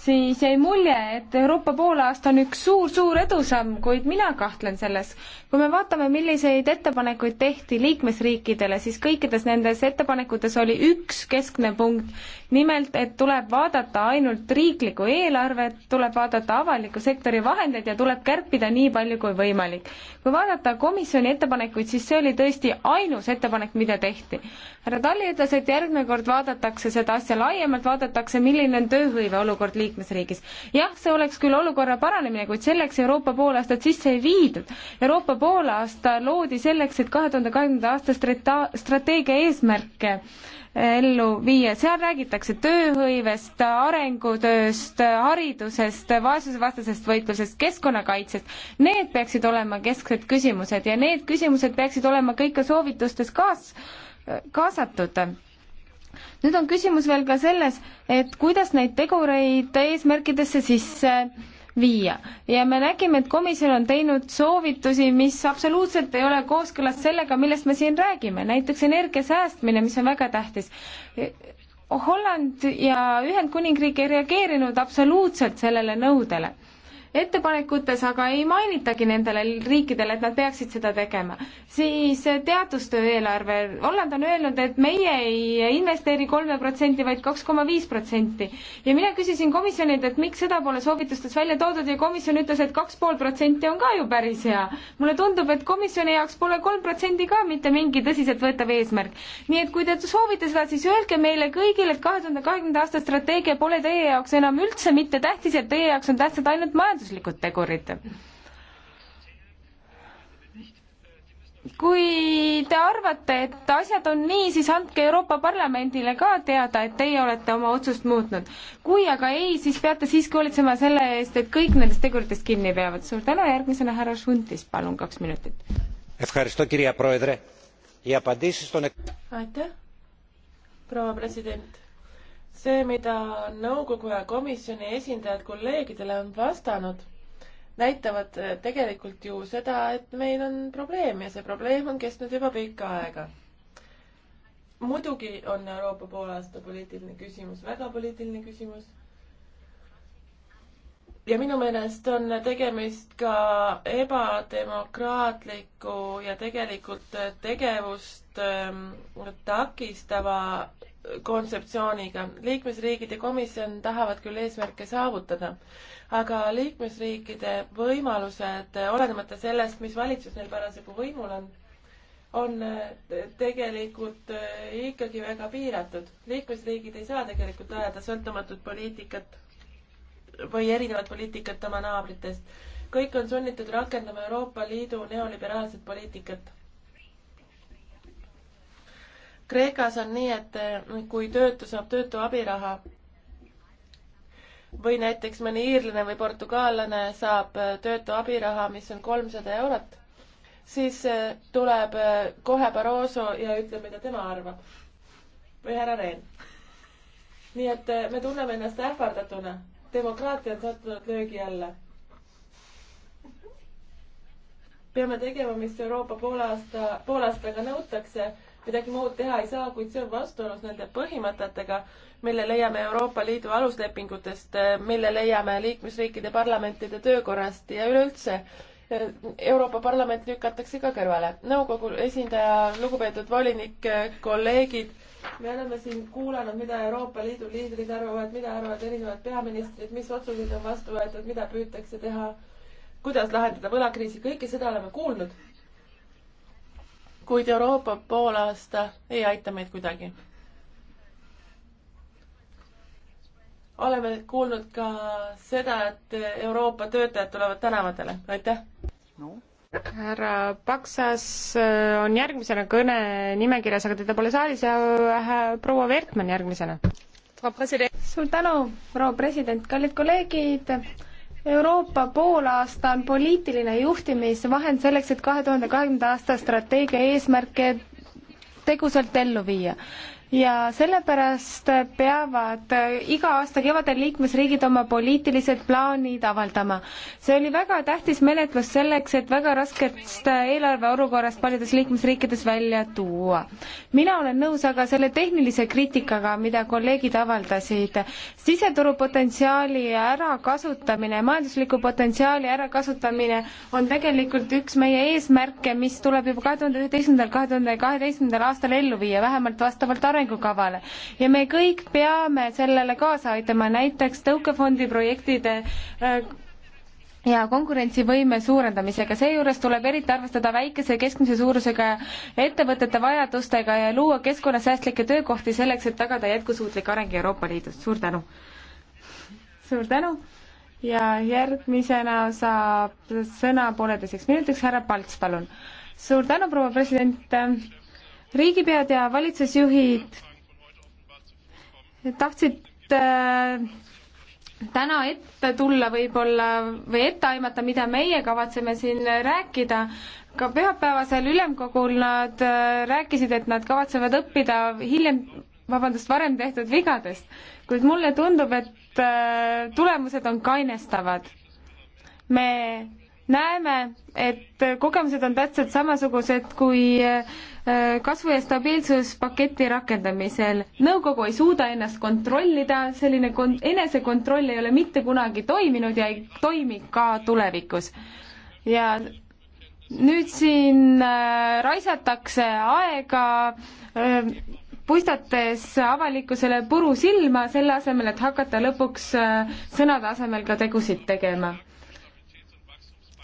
siis jäi mulje, et Euroopa poolaasta on üks suur-suur edusamm, kuid mina kahtlen selles. kui me vaatame, milliseid ettepanekuid tehti liikmesriikidele, siis kõikides nendes ettepanekutes oli üks keskne punkt, nimelt, et tuleb vaadata ainult riiklikku eelarvet, tuleb vaadata avaliku sektori vahendeid ja tuleb kärpida nii palju kui võimalik. kui vaadata komisjoni ettepanekuid, siis see oli tõesti ainus ettepanek, mida tehti. härra Talli ütles, et järgmine kord vaadatakse seda asja laiemalt, vaadatakse, milline on tööhõive olukord liikmesriigis liikmesriigis. jah, see oleks küll olukorra paranemine, kuid selleks Euroopa poolaastat sisse ei viidud. Euroopa poolaasta loodi selleks, et kahe tuhande kahekümnenda aasta strata-, strateegia eesmärke eh, ellu viia, seal räägitakse tööhõivest, arengutööst, haridusest, vaesusevastasest võitlusest, keskkonnakaitsest. Need peaksid olema kesksed küsimused ja need küsimused peaksid olema kõik ka soovitustes kaas-, kaasatud nüüd on küsimus veel ka selles, et kuidas neid tegureid eesmärkidesse sisse viia ja me nägime, et komisjon on teinud soovitusi, mis absoluutselt ei ole kooskõlas sellega, millest me siin räägime, näiteks energia säästmine, mis on väga tähtis. Holland ja Ühendkuningriik ei reageerinud absoluutselt sellele nõudele ettepanekutes aga ei mainitagi nendele riikidele, et nad peaksid seda tegema. siis teadustöö eelarve, Holland on öelnud, et meie ei investeeri kolme protsenti, vaid kaks koma viis protsenti. ja mina küsisin komisjonilt, et miks seda pole soovitustes välja toodud ja komisjon ütles, et kaks pool protsenti on ka ju päris hea. mulle tundub, et komisjoni jaoks pole kolm protsenti ka mitte mingi tõsiseltvõetav eesmärk. nii et kui te soovite seda, siis öelge meile kõigile, et kahe tuhande kahekümnenda aasta strateegia pole teie jaoks enam üldse mitte tähtis, et teie jaoks on tähtsad ainult majandus majanduslikud tegurid. kui te arvate, et asjad on nii, siis andke Euroopa Parlamendile ka teada, et teie olete oma otsust muutnud. kui aga ei, siis peate siiski hoolitsema selle eest, et kõik nendest teguritest kinni peavad. suur tänu, järgmisena härra Šuntis, palun kaks minutit. aitäh, proua president see, mida nõukogu ja komisjoni esindajad kolleegidele on vastanud, näitavad eh, tegelikult ju seda, et meil on probleem ja see probleem on kestnud juba pikka aega. muidugi on Euroopa poolaasta poliitiline küsimus väga poliitiline küsimus ja minu meelest on tegemist ka ebademokraatliku ja tegelikult tegevust ähm, takistava kontseptsiooniga. liikmesriigid ja komisjon tahavad küll eesmärke saavutada, aga liikmesriikide võimalused, olenemata sellest, mis valitsus neil parasjagu võimul on, on äh, tegelikult äh, ikkagi väga piiratud. liikmesriigid ei saa tegelikult ajada sõltumatut poliitikat või erinevat poliitikat oma naabritest. kõik on sunnitud rakendama Euroopa Liidu neoliberaalset poliitikat. Kreekas on nii, et eh, kui töötu saab töötu abiraha või näiteks mõni iirlane või portugaallane saab eh, töötu abiraha, mis on kolmsada eurot, siis eh, tuleb kohe Barroso ja ütleb, mida tema arvab. või härra Rehn. nii et me tunneme ennast ähvardatuna demokraatia on sattunud löögi alla. peame tegema, mis Euroopa poolaasta, poolaastaga nõutakse, midagi muud teha ei saa, kuid see on vastuolus nende põhimõtetega, mille leiame Euroopa Liidu aluslepingutest, mille leiame liikmesriikide parlamentide töökorrast ja üleüldse eh, Euroopa Parlament lükatakse ka kõrvale. nõukogu esindaja, lugupeetud volinik, eh, kolleegid me oleme siin kuulanud, mida Euroopa Liidu liidrid arvavad, mida arvavad erinevad peaministrid, mis otsuseid on vastu võetud, mida püütakse teha, kuidas lahendada võlakriisi, kõike seda oleme kuulnud. kuid Euroopa poolaasta ei aita meid kuidagi. oleme kuulnud ka seda, et Euroopa töötajad tulevad tänavatele, aitäh no.! härra Paksas äh, on järgmisena kõne nimekirjas, aga teda pole saalis ja äh, proua Vertmann järgmisena. suur tänu, proua president, kallid kolleegid. Euroopa poolaasta on poliitiline juhtimisvahend selleks, et kahe tuhande kahekümnenda aasta strateegia eesmärke tegusalt ellu viia ja sellepärast peavad iga aasta kevadel liikmesriigid oma poliitilised plaanid avaldama. see oli väga tähtis menetlus selleks, et väga raskest eelarveolukorrast paljudes liikmesriikides välja tuua. mina olen nõus aga selle tehnilise kriitikaga, mida kolleegid avaldasid. siseturu potentsiaali ärakasutamine, majandusliku potentsiaali ärakasutamine on tegelikult üks meie eesmärke, mis tuleb juba kahe tuhande üheteistkümnendal, kahe tuhande kaheteistkümnendal aastal ellu viia, vähemalt vastavalt arvamustele arengukavale ja me kõik peame sellele kaasa aitama, näiteks tõukefondi projektide äh, ja konkurentsivõime suurendamisega, seejuures tuleb eriti arvestada väikese ja keskmise suurusega ettevõtete vajadustega ja luua keskkonnasäästlikke töökohti selleks, et tagada jätkusuutlik areng Euroopa Liidus, suur tänu! suur tänu ja järgmisena saab sõna pooleteiseks minutiks härra Palts, palun! suur tänu, proua president! riigipead ja valitsusjuhid tahtsid äh, täna ette tulla võib-olla või ette aimata, mida meie kavatseme siin rääkida, ka pühapäevasel ülemkogul nad äh, rääkisid, et nad kavatsevad õppida hiljem, vabandust, varem tehtud vigadest, kuid mulle tundub, et äh, tulemused on kainestavad. me näeme, et kogemused on täpselt samasugused, kui äh, kasvu- ja stabiilsuspaketi rakendamisel. nõukogu ei suuda ennast kontrollida, selline kon-, enesekontroll ei ole mitte kunagi toiminud ja ei toimi ka tulevikus. ja nüüd siin äh, raisatakse aega äh, puistates avalikkusele puru silma, selle asemel, et hakata lõpuks äh, sõnade asemel ka tegusid tegema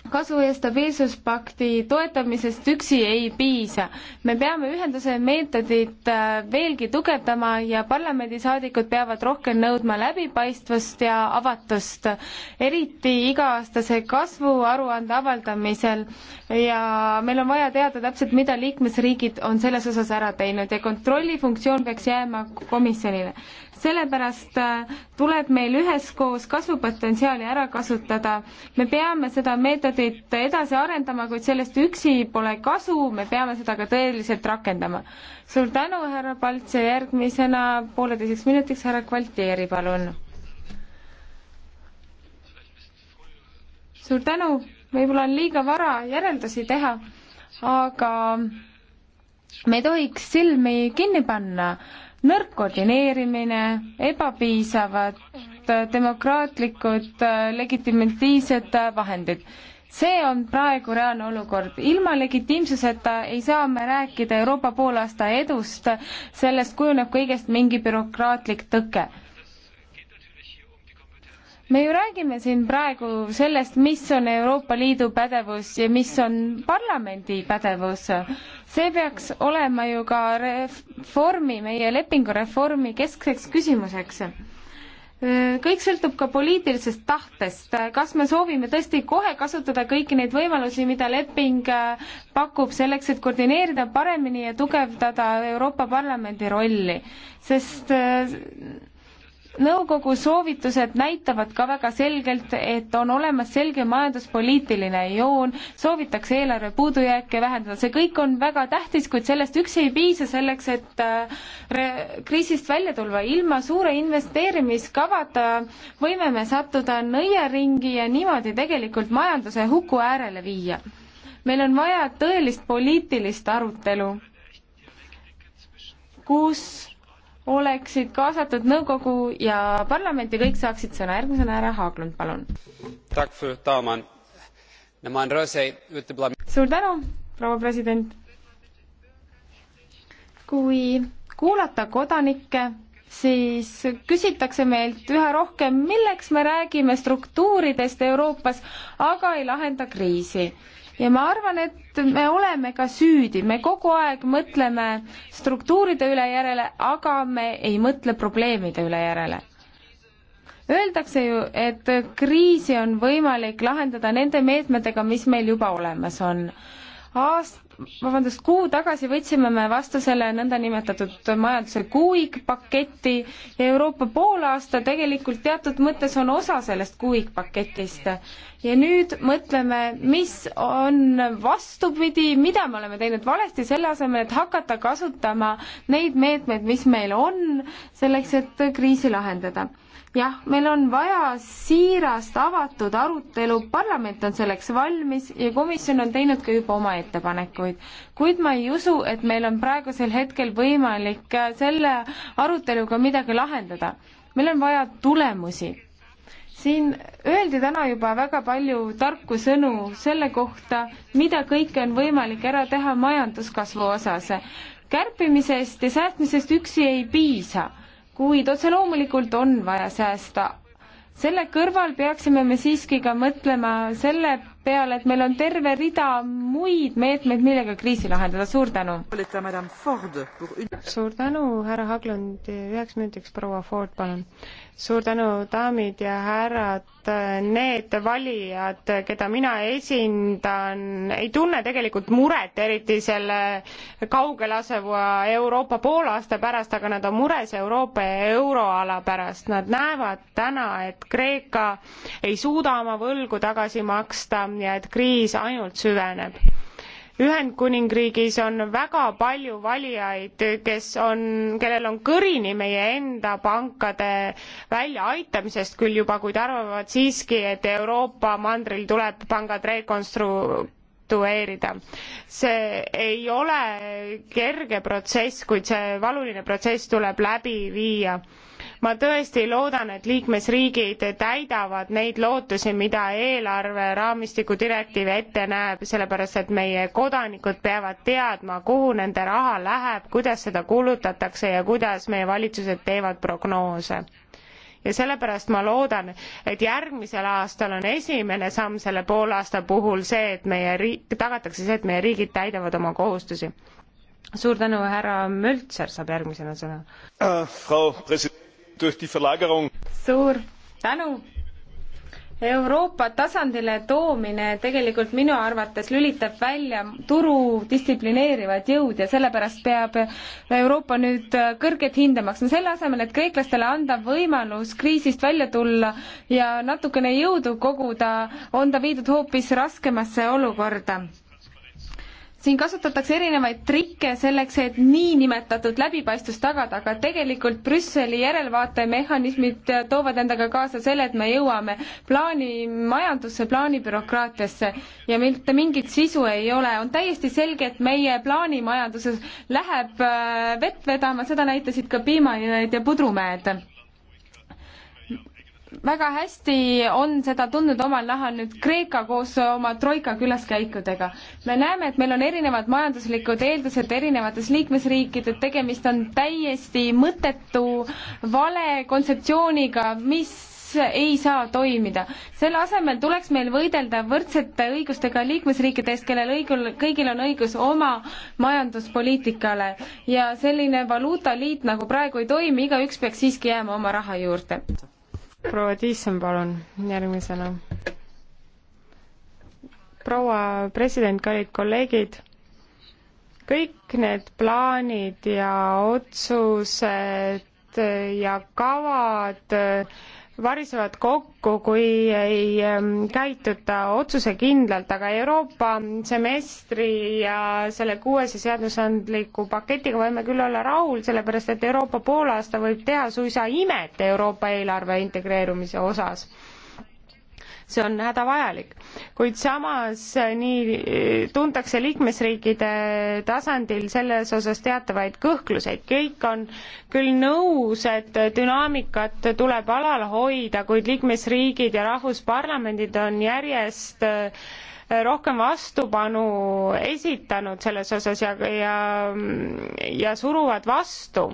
kasu ja stabiilsuspakti toetamisest üksi ei piisa. me peame ühenduse meetodit äh, veelgi tugevdama ja parlamendisaadikud peavad rohkem nõudma läbipaistvust ja avatust, eriti iga-aastase kasvuaruande avaldamisel ja meil on vaja teada täpselt, mida liikmesriigid on selles osas ära teinud ja kontrollifunktsioon peaks jääma komisjonile sellepärast äh, tuleb meil üheskoos kasvupotentsiaali ära kasutada. me peame seda meetodit edasi arendama, kuid sellest üksi pole kasu, me peame seda ka tõeliselt rakendama. suur tänu, härra Palts ja järgmisena pooleteiseks minutiks härra Kvalteeri, palun. suur tänu, võib-olla on liiga vara järeldusi teha, aga me ei tohiks silmi kinni panna nõrk koordineerimine, ebapiisavad äh, demokraatlikud äh, legitiimsed äh, vahendid. see on praegu reaalne olukord. ilma legitiimsuseta ei saa me rääkida Euroopa poolaasta edust, sellest kujuneb kõigest mingi bürokraatlik tõke me ju räägime siin praegu sellest, mis on Euroopa Liidu pädevus ja mis on parlamendi pädevus. see peaks olema ju ka reformi, meie lepingureformi keskseks küsimuseks kõik sõltub ka poliitilisest tahtest, kas me soovime tõesti kohe kasutada kõiki neid võimalusi, mida leping pakub selleks, et koordineerida paremini ja tugevdada Euroopa Parlamendi rolli, sest nõukogu soovitused näitavad ka väga selgelt, et on olemas selge majanduspoliitiline joon, soovitakse eelarve puudujääke vähendada, see kõik on väga tähtis, kuid sellest üksi ei piisa selleks, et äh, kriisist välja tulla. ilma suure investeerimiskavata võime me sattuda nõiaringi ja niimoodi tegelikult majanduse huku äärele viia. meil on vaja tõelist poliitilist arutelu, kus oleksid kaasatud nõukogu ja parlament ja kõik saaksid sõna. järgmisena härra Haaglund, palun. suur tänu, proua president. kui kuulata kodanikke, siis küsitakse meilt üha rohkem, milleks me räägime struktuuridest Euroopas, aga ei lahenda kriisi ja ma arvan, et me oleme ka süüdi, me kogu aeg mõtleme struktuuride üle järele, aga me ei mõtle probleemide üle järele. Öeldakse ju, et kriisi on võimalik lahendada nende meetmetega, mis meil juba olemas on. aast-, vabandust, kuu tagasi võtsime me vastu selle nõndanimetatud majanduse kuuikpaketi ja Euroopa poolaasta tegelikult teatud mõttes on osa sellest kuuikpaketist. ja nüüd mõtleme, mis on vastupidi, mida me oleme teinud valesti, selle asemel, et hakata kasutama neid meetmeid, mis meil on, selleks, et kriisi lahendada jah, meil on vaja siirast avatud arutelu, parlament on selleks valmis ja komisjon on teinud ka juba oma ettepanekuid. kuid ma ei usu, et meil on praegusel hetkel võimalik äh, selle aruteluga midagi lahendada. meil on vaja tulemusi siin öeldi täna juba väga palju tarku sõnu selle kohta, mida kõike on võimalik ära teha majanduskasvu osas. kärpimisest ja säästmisest üksi ei piisa kuid otse loomulikult on vaja säästa. selle kõrval peaksime me siiski ka mõtlema selle peale, et meil on terve rida muid meetmeid, millega kriisi lahendada, suur tänu! suur tänu, härra Haglund, üheks minutiks proua Ford, palun! suur tänu, daamid ja härrad. Need valijad, keda mina esindan, ei tunne tegelikult muret eriti selle kaugel asuva Euroopa poolaasta pärast, aga nad on mures Euroopa ja euroala pärast. Nad näevad täna, et Kreeka ei suuda oma võlgu tagasi maksta ja et kriis ainult süveneb Ühendkuningriigis on väga palju valijaid, kes on, kellel on kõrini meie enda pankade väljaaitamisest küll juba, kuid arvavad siiski, et Euroopa mandril tuleb pangad rekonstru-, konstitueerida. see ei ole kerge protsess, kuid see valuline protsess tuleb läbi viia ma tõesti loodan, et liikmesriigid täidavad neid lootusi, mida eelarve raamistiku direktiiv ette näeb, sellepärast et meie kodanikud peavad teadma, kuhu nende raha läheb, kuidas seda kulutatakse ja kuidas meie valitsused teevad prognoose ja sellepärast ma loodan, et järgmisel aastal on esimene samm selle poolaasta puhul see, et meie riik, tagatakse see, et meie riigid täidavad oma kohustusi. suur tänu, härra Möltser saab järgmisena sõna uh,. suur tänu Euroopa tasandile toomine tegelikult minu arvates lülitab välja turu distsiplineerivad jõud ja sellepärast peab Euroopa nüüd kõrget hinda maksma, selle asemel, et kreeklastele anda võimalus kriisist välja tulla ja natukene jõudu koguda, on ta viidud hoopis raskemasse olukorda siin kasutatakse erinevaid trikke selleks, et niinimetatud läbipaistvus tagada, aga tegelikult Brüsseli järelevaatemehhanismid toovad endaga kaasa selle, et me jõuame plaanimajandusse, plaanibürokraatiasse ja mitte mingit sisu ei ole. on täiesti selge, et meie plaanimajanduses läheb äh, vett vedama, seda näitasid ka piimanõed ja pudrumäed väga hästi on seda tundnud omal nahal nüüd Kreeka koos oma troika külaskäikudega. me näeme, et meil on erinevad majanduslikud eeldused erinevates liikmesriikides, tegemist on täiesti mõttetu vale kontseptsiooniga, mis ei saa toimida. selle asemel tuleks meil võidelda võrdsete õigustega liikmesriikide eest, kellel õigul, kõigil on õigus oma majanduspoliitikale ja selline valuutaliit nagu praegu ei toimi, igaüks peaks siiski jääma oma raha juurde proua Tiisson, palun, järgmisena. proua president, kallid kolleegid, kõik need plaanid ja otsused ja kavad äh, varisevad kokku, kui ei ähm, käituta otsusekindlalt, aga Euroopa semestri ja selle kuuese seadusandliku paketiga võime küll olla rahul, sellepärast et Euroopa poolaasta võib teha suisa imet Euroopa eelarve integreerumise osas see on hädavajalik. kuid samas eh, nii eh, tuntakse liikmesriikide tasandil selles osas teatavaid kõhkluseid, kõik on küll nõus, et dünaamikat tuleb alal hoida, kuid liikmesriigid ja rahvusparlamendid on järjest eh, rohkem vastupanu esitanud selles osas ja, ja, ja suruvad vastu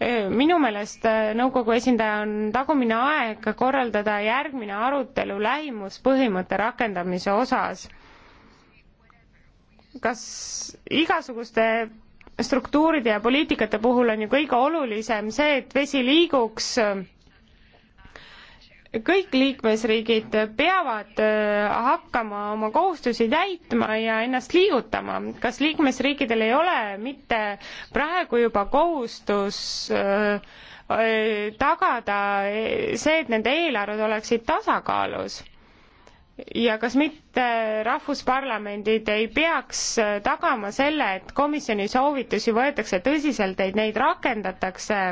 minu meelest äh, nõukogu esindaja on tagumine aeg korraldada järgmine arutelu lähimuspõhimõtte rakendamise osas. kas igasuguste struktuuride ja poliitikate puhul on ju kõige olulisem see, et vesi liiguks äh, kõik liikmesriigid peavad äh, hakkama oma kohustusi täitma ja ennast liigutama. kas liikmesriikidel ei ole mitte praegu juba kohustus äh, äh, tagada see, et nende eelarved oleksid tasakaalus? ja kas mitte rahvusparlamendid ei peaks tagama selle, et komisjoni soovitusi võetakse tõsiselt, et neid rakendatakse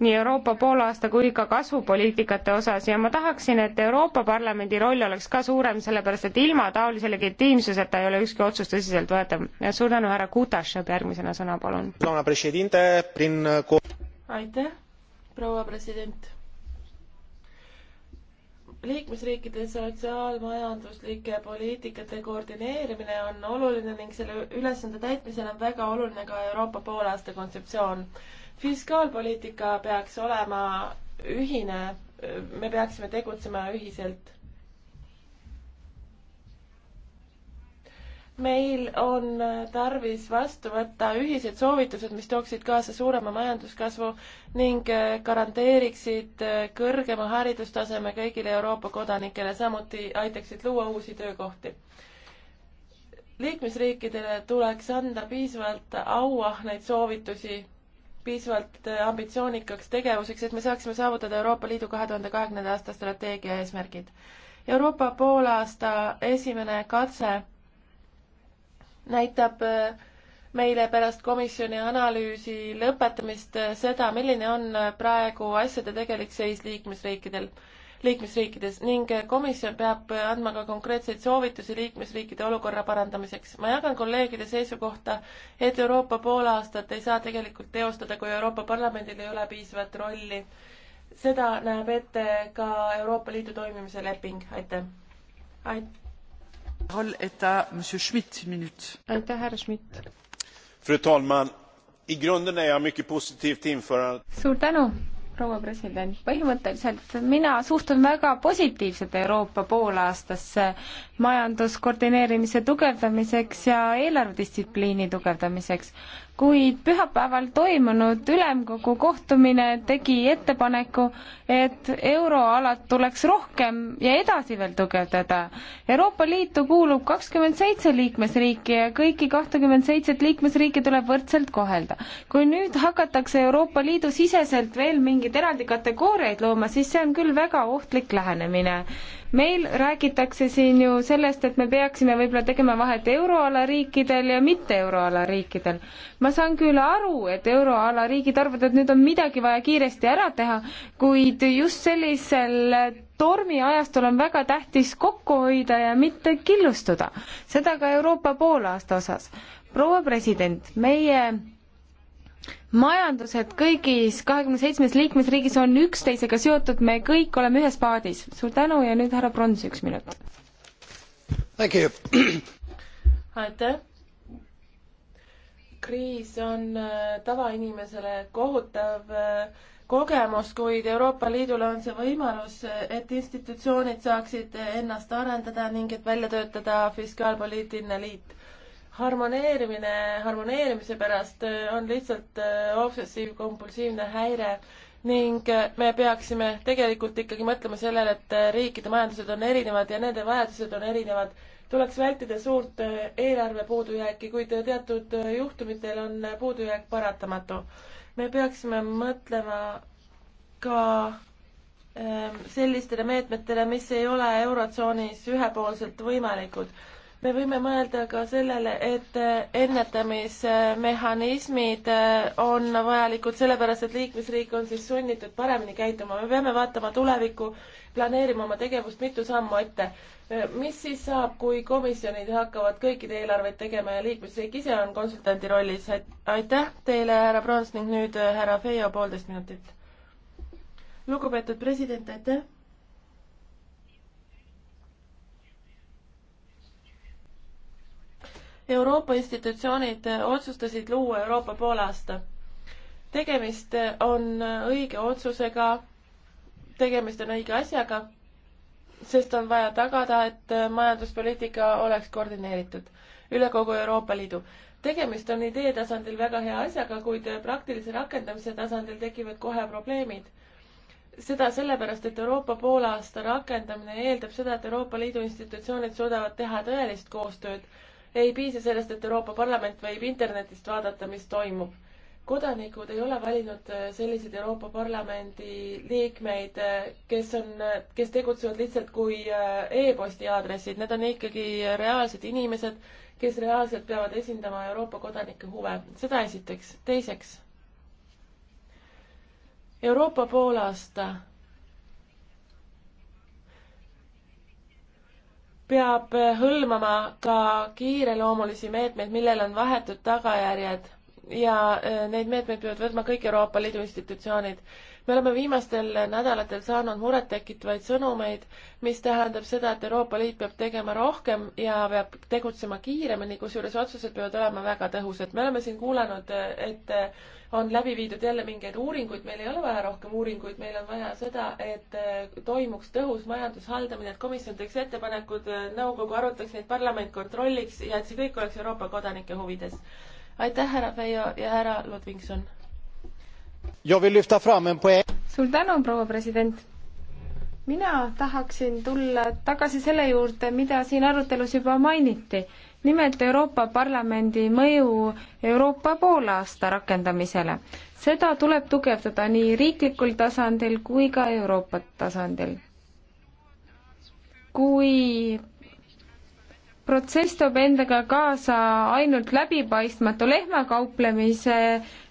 nii Euroopa poolaasta kui ka kasvupoliitikate osas ja ma tahaksin, et Euroopa Parlamendi roll oleks ka suurem, sellepärast et ilma taolise legitiimsuseta ei ole ükski otsus tõsiseltvõetav. suur tänu, härra Kutaš saab järgmisena sõna, palun. aitäh, proua president liikmesriikide sotsiaalmajanduslike poliitikate koordineerimine on oluline ning selle ülesande täitmisel on väga oluline ka Euroopa poolaasta kontseptsioon fiskaalpoliitika peaks olema ühine, me peaksime tegutsema ühiselt. meil on tarvis vastu võtta ühised soovitused, mis tooksid kaasa suurema majanduskasvu ning garanteeriksid kõrgema haridustaseme kõigile Euroopa kodanikele, samuti aitaksid luua uusi töökohti liikmesriikidele tuleks anda piisavalt auahneid soovitusi piisavalt äh, ambitsioonikaks tegevuseks, et me saaksime saavutada Euroopa Liidu kahe tuhande kahekümnenda aasta strateegia eesmärgid. Euroopa poolaasta esimene katse näitab äh, meile pärast komisjoni analüüsi lõpetamist äh, seda, milline on praegu asjade tegelik seis liikmesriikidel liikmesriikides ning komisjon peab andma ka konkreetseid soovitusi liikmesriikide olukorra parandamiseks. ma jagan kolleegide seisukohta, et Euroopa poolaastat ei saa tegelikult teostada, kui Euroopa Parlamendil ei ole piisavat rolli. seda näeb ette ka Euroopa Liidu toimimise leping, aitäh. aitäh, härra Schmidt. Fru talman, i grunden är jag mycket positiv till införandet. Suur tänu proua president, põhimõtteliselt mina suhtun väga positiivselt Euroopa poolaastasse majanduskoordineerimise tugevdamiseks ja eelarvedistsipliini tugevdamiseks kuid pühapäeval toimunud ülemkogu kohtumine tegi ettepaneku, et euroalad tuleks rohkem ja edasi veel tugevdada. Euroopa Liitu kuulub kakskümmend seitse liikmesriiki ja kõiki kahtekümmet seitset liikmesriiki tuleb võrdselt kohelda. kui nüüd hakatakse Euroopa Liidu siseselt veel mingeid eraldi kategooriaid looma, siis see on küll väga ohtlik lähenemine meil räägitakse siin ju sellest, et me peaksime võib-olla tegema vahet euroala riikidel ja mitte euroala riikidel. ma saan küll aru, et euroala riigid arvavad, et nüüd on midagi vaja kiiresti ära teha, kuid just sellisel tormiajastul on väga tähtis kokku hoida ja mitte killustuda. seda ka Euroopa poolaasta osas. proua president, meie majandused kõigis kahekümne seitsmes liikmesriigis on üksteisega seotud, me kõik oleme ühes paadis. suur tänu ja nüüd härra Prons, üks minut. aitäh. kriis on äh, tavainimesele kohutav äh, kogemus, kuid Euroopa Liidule on see võimalus, äh, et institutsioonid saaksid ennast arendada ning et välja töötada fiskaalpoliitiline liit harmoneerimine harmoneerimise pärast äh, on lihtsalt äh, obsessiivkompulsiivne häire ning äh, me peaksime tegelikult ikkagi mõtlema sellele, et riikide majandused on erinevad ja nende vajadused on erinevad. tuleks vältida suurt eelarve puudujääki, kuid teatud juhtumitel on puudujääk paratamatu. me peaksime mõtlema ka ähm, sellistele meetmetele, mis ei ole Eurotsoonis ühepoolselt võimalikud me võime mõelda ka sellele, et ennetamismehhanismid äh, on vajalikud sellepärast, et liikmesriik on siis sunnitud paremini käituma. me peame vaatama tulevikku, planeerima oma tegevust mitu sammu ette. Äh, mis siis saab, kui komisjonid hakkavad kõikide eelarveid tegema ja liikmesriik ise on konsultandi rollis? aitäh teile, härra Prants ning nüüd äh, härra Feio, poolteist minutit. lugupeetud president, aitäh Euroopa institutsioonid otsustasid luua Euroopa poolaasta. tegemist on õige otsusega, tegemist on õige asjaga, sest on vaja tagada, et majanduspoliitika oleks koordineeritud üle kogu Euroopa Liidu tegemist on idee tasandil väga hea asjaga, kuid praktilise rakendamise tasandil tekivad kohe probleemid. seda sellepärast, et Euroopa poolaasta rakendamine eeldab seda, et Euroopa Liidu institutsioonid suudavad teha tõelist koostööd ei piisa sellest, et Euroopa Parlament võib internetist vaadata, mis toimub. kodanikud ei ole valinud äh, selliseid Euroopa Parlamendi liikmeid, äh, kes on, äh, kes tegutsevad lihtsalt kui e-posti aadressid, need on ikkagi reaalsed inimesed, kes reaalselt peavad esindama Euroopa kodanike huve. seda esiteks. teiseks, Euroopa poolaasta peab hõlmama ka kiireloomulisi meetmeid, millel on vahetud tagajärjed ja eh, neid meetmeid peavad võtma kõik Euroopa Liidu institutsioonid me oleme viimastel nädalatel saanud murettekitavaid sõnumeid, mis tähendab seda, et Euroopa Liit peab tegema rohkem ja peab tegutsema kiiremini, kusjuures otsused peavad olema väga tõhusad. me oleme siin kuulanud, et on läbi viidud jälle mingeid uuringuid, meil ei ole vaja rohkem uuringuid, meil on vaja seda, et toimuks tõhus majandushaldamine, et komisjon teeks ettepanekud, nõukogu arutaks neid, parlament kontrolliks ja et see kõik oleks Euroopa kodanike huvides. aitäh, härra Feio ja härra Ludvingson! suur tänu, proua president! mina tahaksin tulla tagasi selle juurde, mida siin arutelus juba mainiti. nimelt Euroopa Parlamendi mõju Euroopa poolaasta rakendamisele. seda tuleb tugevdada nii riiklikul tasandil kui ka Euroopa tasandil. kui protsess toob endaga kaasa ainult läbipaistmatu lehmakauplemise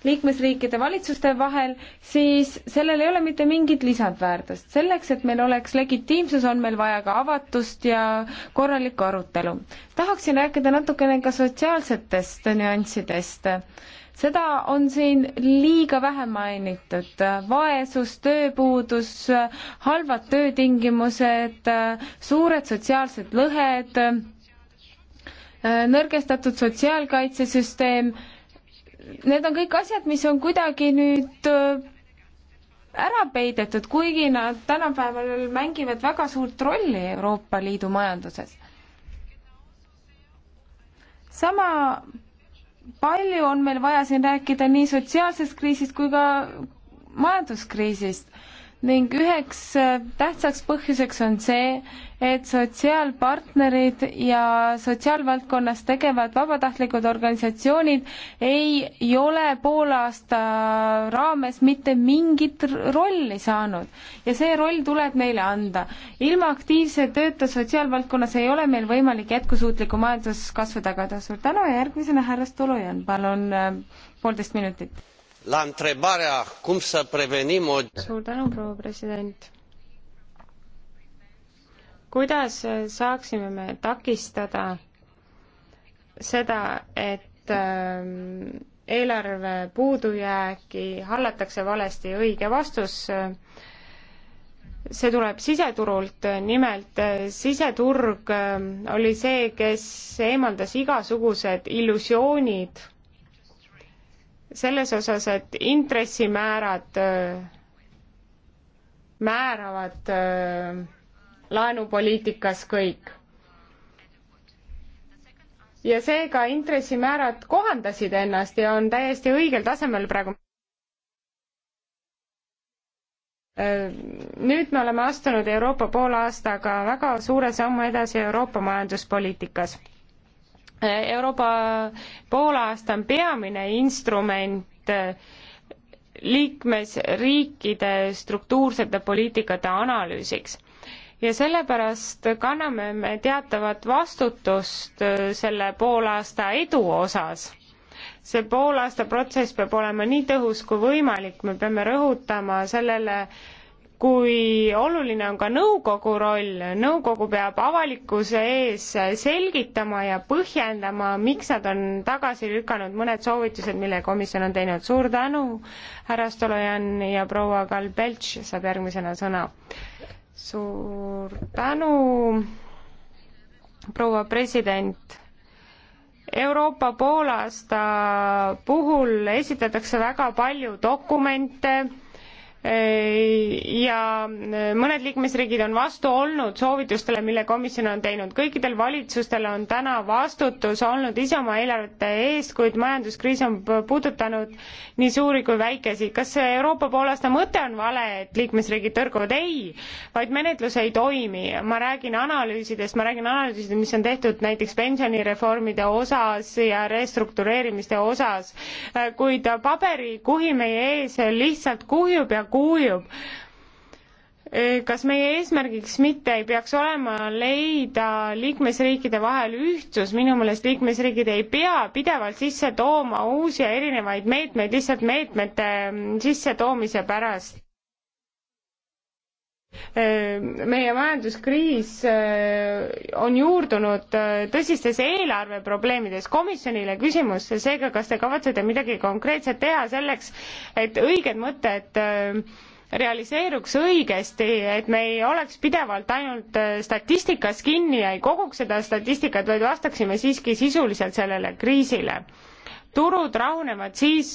liikmesriikide valitsuste vahel, siis sellel ei ole mitte mingit lisandväärtust. selleks, et meil oleks legitiimsus, on meil vaja ka avatust ja korralikku arutelu. tahaksin rääkida natukene ka sotsiaalsetest nüanssidest seda on siin liiga vähe mainitud. vaesus, tööpuudus, halvad töötingimused, suured sotsiaalsed lõhed Äh, nõrgestatud sotsiaalkaitsesüsteem, need on kõik asjad, mis on kuidagi nüüd äh, ära peidetud, kuigi nad tänapäeval mängivad väga suurt rolli Euroopa Liidu majanduses. sama palju on meil vaja siin rääkida nii sotsiaalsest kriisist kui ka majanduskriisist ning üheks äh, tähtsaks põhjuseks on see, et sotsiaalpartnerid ja sotsiaalvaldkonnas tegevad vabatahtlikud organisatsioonid ei ole poolaasta raames mitte mingit rolli saanud ja see roll tuleb neile anda. ilma aktiivse tööta sotsiaalvaldkonnas ei ole meil võimalik jätkusuutlikku majanduskasvu tagada. suur tänu ja järgmisena härra Stolojan, palun äh, poolteist minutit la întrebarea cum să prevenim o. suur tänu, proua president. kuidas äh, saaksime me takistada seda, et ähm, eelarve puudujääki hallatakse valesti, õige vastus äh, see tuleb siseturult, nimelt äh, siseturg ähm, oli see, kes eemaldas igasugused illusioonid selles osas, et intressimäärad äh, määravad äh, laenupoliitikas kõik. ja seega intressimäärad kohandasid ennast ja on täiesti õigel tasemel praegu. Äh, nüüd me oleme astunud Euroopa poole aastaga väga suure sammu edasi Euroopa majanduspoliitikas Euroopa poolaasta on peamine instrument liikmesriikide struktuursete poliitikate analüüsiks ja sellepärast kanname me teatavat vastutust selle poolaasta edu osas. see poolaasta protsess peab olema nii tõhus kui võimalik, me peame rõhutama sellele, kui oluline on ka nõukogu roll, nõukogu peab avalikkuse ees selgitama ja põhjendama, miks nad on tagasi lükanud mõned soovitused, mille komisjon on teinud. suur tänu, härra Stolojan ja proua Kalbelts saab järgmisena sõna. suur tänu, proua president Euroopa poolaasta puhul esitatakse väga palju dokumente ja eh, mõned liikmesriigid on vastu olnud soovitustele, mille komisjon on teinud. kõikidel valitsustel on täna vastutus olnud ise oma eelarvete eest, kuid majanduskriis on puudutanud nii suuri kui väikesi. kas Euroopa poolaasta mõte on vale, et liikmesriigid tõrguvad? ei, vaid menetlus ei toimi. ma räägin analüüsidest, ma räägin analüüsidest, mis on tehtud näiteks pensionireformide osas ja restruktureerimiste osas, eh, kuid paberikuhi meie ees lihtsalt kuhjub ja kuujub eh, kas meie eesmärgiks mitte ei peaks olema leida liikmesriikide vahel ühtsus, minu meelest liikmesriigid ei pea pidevalt sisse tooma uusi ja erinevaid meetmeid lihtsalt meetmete mm, sissetoomise pärast. Ehm, meie majanduskriis eh, on juurdunud eh, tõsistes eelarveprobleemides. komisjonile küsimus seega, kas te kavatsete midagi konkreetset teha selleks, et õiged mõtted eh, realiseeruks õigesti, et me ei oleks pidevalt ainult statistikas kinni ja ei koguks seda statistikat, vaid vastaksime siiski sisuliselt sellele kriisile. turud rahunevad siis,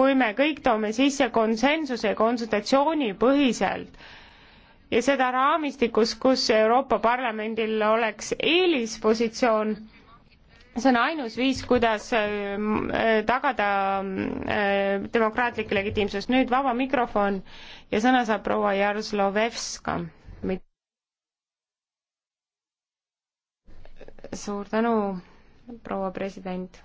kui me kõik toome sisse konsensuse konsultatsioonipõhiselt ja seda raamistikus, kus Euroopa Parlamendil oleks eelispositsioon see on ainus viis, kuidas äh, tagada äh, demokraatlik legitiimsus. nüüd vaba mikrofon ja sõna saab proua Jaroslavevska. suur tänu, proua president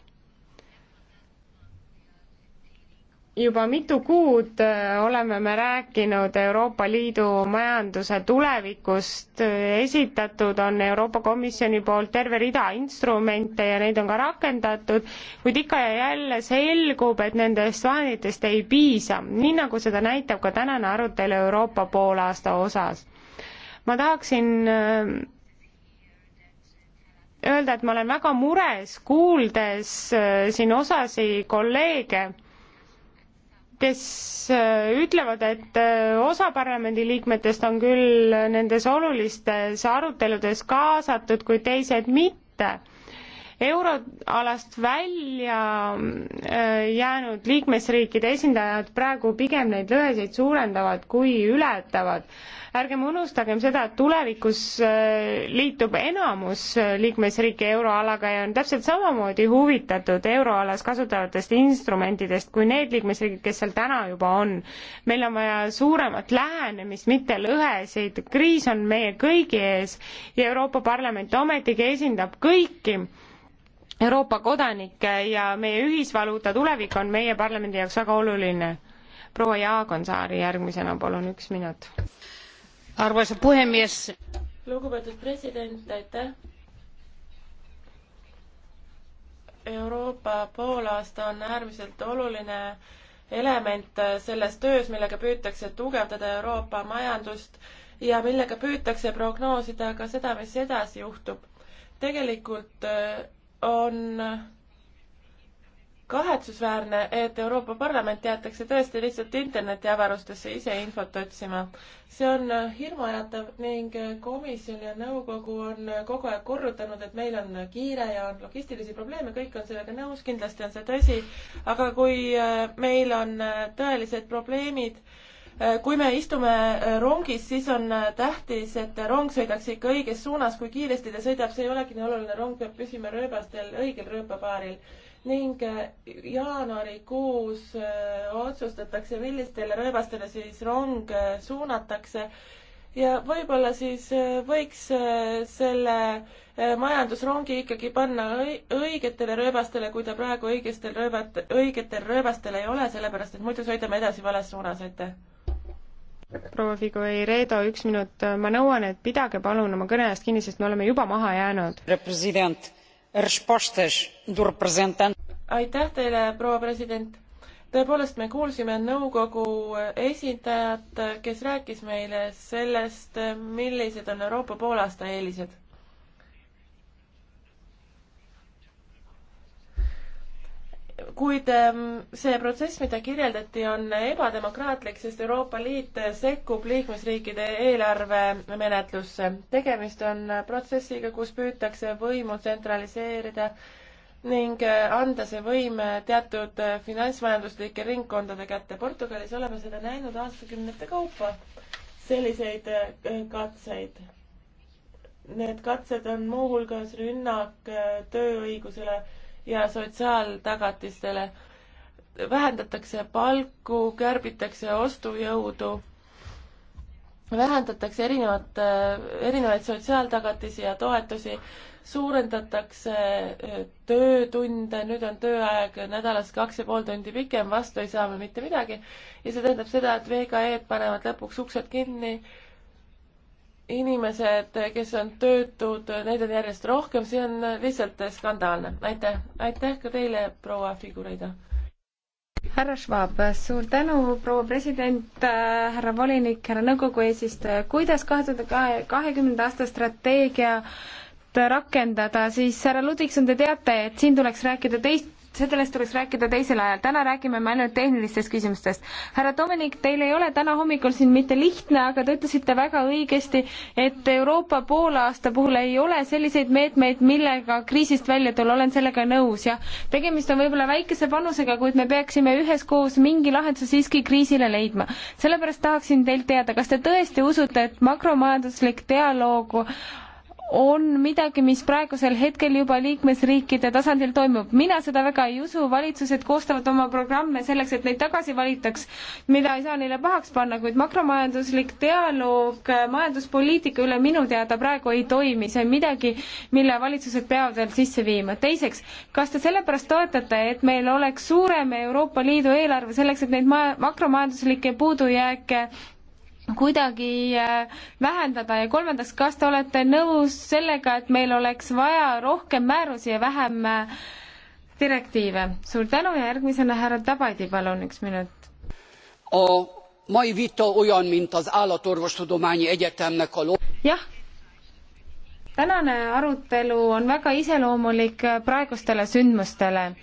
juba mitu kuud äh, oleme me rääkinud Euroopa Liidu majanduse tulevikust, esitatud on Euroopa Komisjoni poolt terve rida instrumente ja neid on ka rakendatud, kuid ikka ja jälle selgub, et nendest vahenditest ei piisa, nii nagu seda näitab ka tänane arutelu Euroopa poolaasta osas. ma tahaksin äh, öelda, et ma olen väga mures, kuuldes äh, siin osasi kolleege kes äh, ütlevad, et äh, osa parlamendiliikmetest on küll nendes olulistes aruteludes kaasatud, kuid teised mitte euroalast välja äh, jäänud liikmesriikide esindajad praegu pigem neid lõhesid suurendavad kui ületavad. ärgem unustagem seda, et tulevikus äh, liitub enamus äh, liikmesriike euroalaga ja on täpselt samamoodi huvitatud euroalas kasutatavatest instrumentidest kui need liikmesriigid, kes seal täna juba on. meil on vaja suuremat lähenemist, mitte lõhesid, kriis on meie kõigi ees ja Euroopa Parlament ometigi esindab kõiki Euroopa kodanikke ja meie ühisvaluuta tulevik on meie parlamendi jaoks väga oluline. proua Jaagonsaari järgmisena, palun üks minut. arvoisa puhemees. lugupeetud president, aitäh. Euroopa poolaasta on äärmiselt oluline element selles töös, millega püütakse tugevdada Euroopa majandust ja millega püütakse prognoosida ka seda, mis edasi juhtub. tegelikult on kahetsusväärne, et Euroopa Parlament jäetakse tõesti lihtsalt internetiavarustesse ise infot otsima. see on hirmuäratav ning komisjon ja nõukogu on kogu aeg korrutanud, et meil on kiire ja on logistilisi probleeme, kõik on sellega nõus, kindlasti on see tõsi, aga kui meil on tõelised probleemid, kui me istume rongis, siis on tähtis, et rong sõidaks ikka õiges suunas, kui kiiresti ta sõidab, see ei olegi nii oluline, rong peab püsima rööbastel õigel rööpapaaril. ning äh, jaanuarikuus äh, otsustatakse, millistele rööbastele siis rong äh, suunatakse ja võib-olla siis võiks selle majandusrongi ikkagi panna õigetele rööbastele, kui ta praegu õigestel rööbat-, õigetel rööbastel ei ole, sellepärast et muidu sõidame edasi vales suunas, aitäh! proua Figueiredo, üks minut, ma nõuan, et pidage palun oma kõne eest kinni, sest me oleme juba maha jäänud. aitäh teile, proua president. tõepoolest, me kuulsime nõukogu esindajat, kes rääkis meile sellest, millised on Euroopa poolaasta eelised kuid ehm, see protsess, mida kirjeldati, on ebademokraatlik, sest Euroopa Liit sekkub liikmesriikide eelarvemenetlusse. tegemist on protsessiga, kus püütakse võimu tsentraliseerida ning eh, anda see võim teatud finantsmajanduslike ringkondade kätte. Portugalis oleme seda näinud aastakümnete kaupa, selliseid eh, katseid. Need katsed on muuhulgas rünnak eh, tööõigusele ja sotsiaaltagatistele. vähendatakse palku, kärbitakse ostujõudu, vähendatakse erinevat, erinevaid sotsiaaltagatisi ja toetusi, suurendatakse eh, töötunde, nüüd on tööaeg nädalas kaks ja pool tundi pikem, vastu ei saa me mitte midagi ja see tähendab seda, et VKE-d panevad lõpuks uksed kinni inimesed, kes on töötud, neid on järjest rohkem, see on lihtsalt skandaalne. aitäh, aitäh ka teile, proua Figureida. härra Schwab, suur tänu, proua president, härra volinik, härra nõukogu eesistuja. kuidas kahe tuhande kahekümnenda aasta strateegia rakendada, siis härra Ludvigson, te teate, et siin tuleks rääkida teist sellest tuleks rääkida teisel ajal, täna räägime me ainult tehnilistest küsimustest. härra Dominik, teil ei ole täna hommikul siin mitte lihtne, aga te ütlesite väga õigesti, et Euroopa poolaasta puhul ei ole selliseid meetmeid, millega kriisist välja tulla, olen sellega nõus, jah. tegemist on võib-olla väikese panusega, kuid me peaksime üheskoos mingi lahenduse siiski kriisile leidma. sellepärast tahaksin teilt teada, kas te tõesti usute, et makromajanduslik dialoog on midagi, mis praegusel hetkel juba liikmesriikide tasandil toimub. mina seda väga ei usu, valitsused koostavad oma programme selleks, et neid tagasi valitaks, mida ei saa neile pahaks panna, kuid makromajanduslik dialoog äh, majanduspoliitika üle minu teada praegu ei toimi, see on midagi, mille valitsused peavad veel sisse viima. teiseks, kas te sellepärast toetate, et meil oleks suurem Euroopa Liidu eelarve selleks, et neid maja, makromajanduslikke puudujääke kuidagi äh, vähendada ja kolmandaks, kas te olete nõus sellega, et meil oleks vaja rohkem määrusi ja vähem äh, direktiive? suur tänu ja järgmisena härra Tabadi, palun üks minut. mai vita olyan, mint az Állatorvostudományi Egyetemnek a lo-. jah, tänane arutelu on väga iseloomulik praegustele sündmustele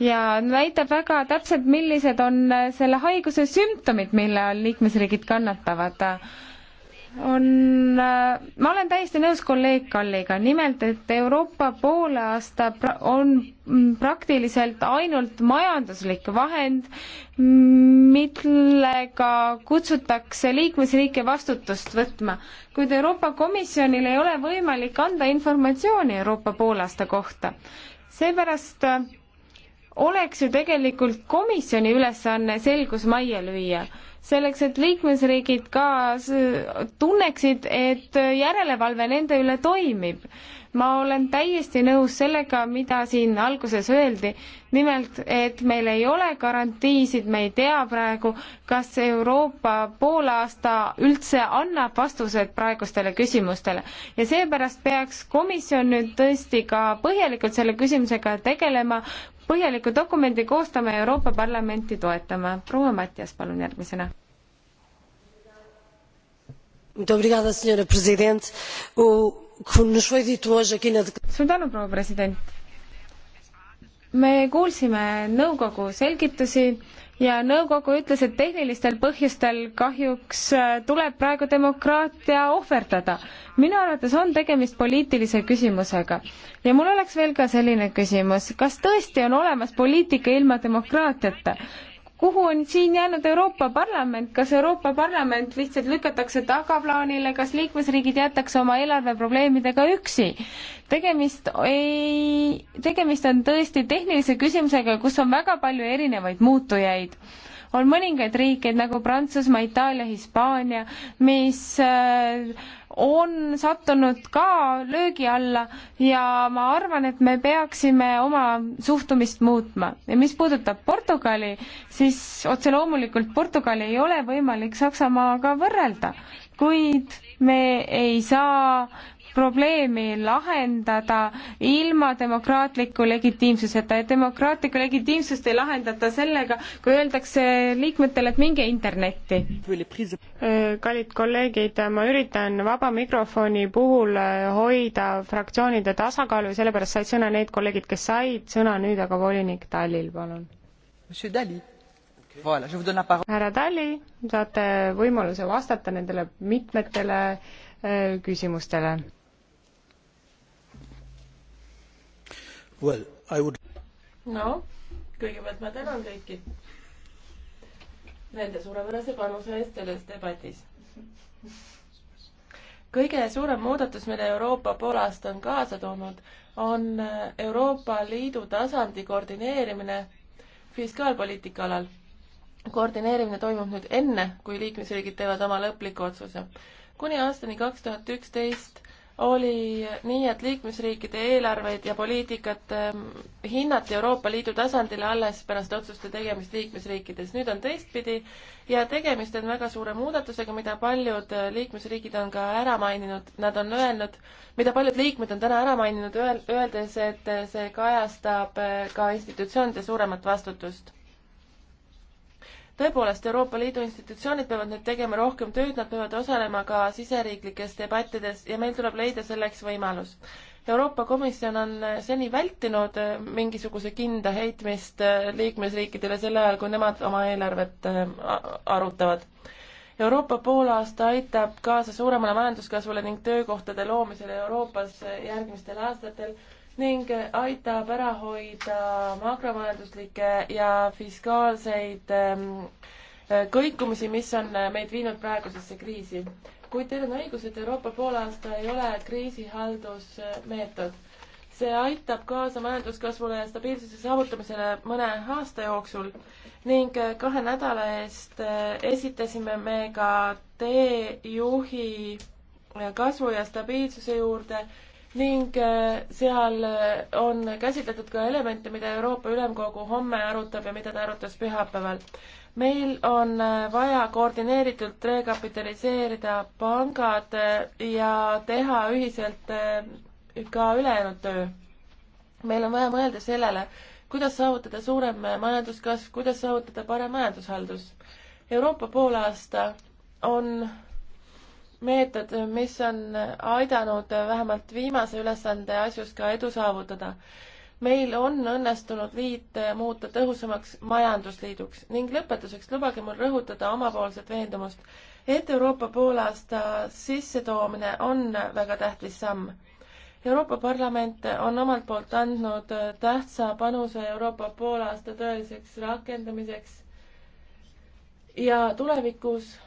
ja näitab väga täpselt, millised on äh, selle haiguse sümptomid, mille all liikmesriigid kannatavad. on, äh, ma olen täiesti nõus kolleeg Kalliga, nimelt et Euroopa poolaasta pra-, on mm, praktiliselt ainult majanduslik vahend, millega kutsutakse liikmesriike vastutust võtma. kuid Euroopa Komisjonil ei ole võimalik anda informatsiooni Euroopa poolaasta kohta. seepärast äh, oleks ju tegelikult komisjoni ülesanne selgus majja lüüa, selleks et liikmesriigid ka tunneksid, et järelevalve nende üle toimib. ma olen täiesti nõus sellega, mida siin alguses öeldi, nimelt, et meil ei ole garantiisid, me ei tea praegu, kas Euroopa poolaasta üldse annab vastused praegustele küsimustele. ja seepärast peaks komisjon nüüd tõesti ka põhjalikult selle küsimusega tegelema, põhjaliku dokumendi koostama ja Euroopa Parlamenti toetama. proua Mattias, palun järgmisena. suur tänu, proua president. me kuulsime nõukogu selgitusi ja nõukogu ütles, et tehnilistel põhjustel kahjuks äh, tuleb praegu demokraatia ohverdada. minu arvates on tegemist poliitilise küsimusega. ja mul oleks veel ka selline küsimus, kas tõesti on olemas poliitika ilma demokraatiata? kuhu on siin jäänud Euroopa Parlament, kas Euroopa Parlament lihtsalt lükatakse tagaplaanile, kas liikmesriigid jätakse oma eelarveprobleemidega üksi? tegemist ei, tegemist on tõesti tehnilise küsimusega, kus on väga palju erinevaid muutujaid. on mõningaid riike nagu Prantsusmaa, Itaalia, Hispaania, mis äh, on sattunud ka löögi alla ja ma arvan, et me peaksime oma suhtumist muutma. ja mis puudutab Portugali, siis otse loomulikult Portugali ei ole võimalik Saksamaaga võrrelda, kuid me ei saa probleemi lahendada ilma demokraatliku legitiimsuseta ja demokraatlikku legitiimsust ei lahendata sellega, kui öeldakse liikmetele, et minge internetti. kallid kolleegid, ma üritan vaba mikrofoni puhul hoida fraktsioonide tasakaalu ja sellepärast said sõna need kolleegid, kes said sõna nüüd, aga volinik Tallil, palun. härra Talli, saate võimaluse vastata nendele mitmetele äh, küsimustele Well, I would. no, kõigepealt ma tänan kõiki nende suurepärase panuse eest selles debatis. kõige suurem muudatus, mille Euroopa pool aasta on kaasa toonud, on Euroopa Liidu tasandi koordineerimine fiskaalpoliitika alal. koordineerimine toimub nüüd enne, kui liikmesriigid teevad oma lõpliku otsuse. kuni aastani kaks tuhat üksteist oli nii, et liikmesriikide eelarveid ja poliitikat ähm, hinnati Euroopa Liidu tasandil alles pärast otsuste tegemist liikmesriikides. nüüd on teistpidi ja tegemist on väga suure muudatusega, mida paljud äh, liikmesriigid on ka ära maininud, nad on öelnud, mida paljud liikmed on täna ära maininud, öeldes, et äh, see kajastab äh, ka institutsioonide suuremat vastutust tõepoolest, Euroopa Liidu institutsioonid peavad nüüd tegema rohkem tööd, nad peavad osalema ka siseriiklikes debattides ja meil tuleb leida selleks võimalus. Euroopa Komisjon on äh, seni vältinud äh, mingisuguse kinda heitmist äh, liikmesriikidele sel ajal, kui nemad oma eelarvet arutavad. Euroopa poolaasta aitab kaasa suuremale majanduskasvule ning töökohtade loomisele Euroopas järgmistel aastatel ning aitab ära hoida makromajanduslikke ja fiskaalseid ähm, äh, kõikumisi, mis on äh, meid viinud praegusesse kriisi. kuid teil on õigus, et Euroopa poolaasta ei ole kriisihaldusmeetod. Äh, see aitab kaasa majanduskasvule ja stabiilsuse saavutamisele mõne aasta jooksul ning kahe nädala eest esitasime me ka teejuhi kasvu ja stabiilsuse juurde ning äh, seal äh, on käsitletud ka elemente, mida Euroopa Ülemkogu homme arutab ja mida ta arutas pühapäeval. meil on äh, vaja koordineeritult rekapitaliseerida pangad ja teha ühiselt ka ülejäänud töö. meil on vaja mõelda sellele, kuidas saavutada suurem majanduskasv, kuidas saavutada parem majandushaldus. Euroopa poolaasta on meetod, mis on aidanud vähemalt viimase ülesande asjus ka edu saavutada. meil on õnnestunud liit muuta tõhusamaks majandusliiduks ning lõpetuseks lubage mul rõhutada omapoolset veendumust, et Euroopa poolaasta sissetoomine on väga tähtis samm. Euroopa Parlament on omalt poolt andnud tähtsa panuse Euroopa poolaasta tõeliseks rakendamiseks ja tulevikus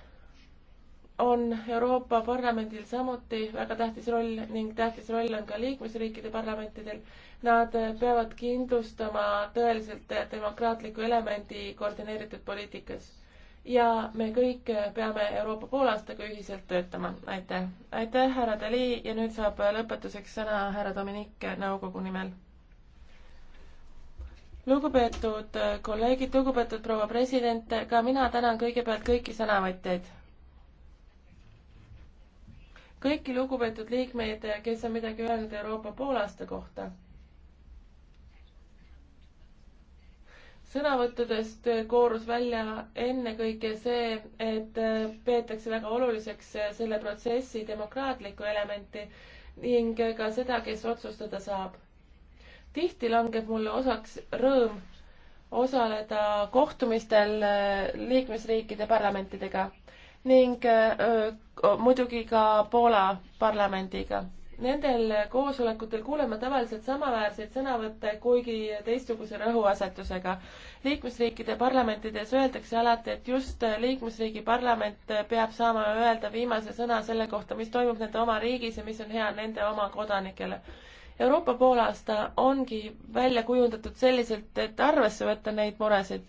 on Euroopa Parlamendil samuti väga tähtis roll ning tähtis roll on ka liikmesriikide parlamentidel. Nad peavad kindlustama tõeliselt demokraatliku elemendi koordineeritud politikas. ja me kõik peame Euroopa poolaastaga ühiselt töötama. aitäh. aitäh, härra Dali ja nüüd saab lõpetuseks sõna härra Dominik nõukogu nimel. lugupeetud kolleegid, lugupeetud proua president, ka mina tänan kõigepealt kõiki sõnavõtjaid kõiki lugupeetud liikmeid, kes on midagi öelnud Euroopa poolaasta kohta. sõnavõttudest koorus välja ennekõike see, et peetakse väga oluliseks selle protsessi demokraatlikku elementi ning ka seda, kes otsustada saab. tihti langeb mulle osaks rõõm osaleda kohtumistel liikmesriikide parlamentidega ning muidugi ka Poola parlamendiga. Nendel koosolekutel kuuleme tavaliselt samaväärseid sõnavõtte, kuigi teistsuguse rõhuasetusega. liikmesriikide parlamentides öeldakse alati, et just liikmesriigi parlament peab saama öelda viimase sõna selle kohta, mis toimub nende oma riigis ja mis on hea nende oma kodanikele Euroopa poolaasta ongi välja kujundatud selliselt, et arvesse võtta neid muresid.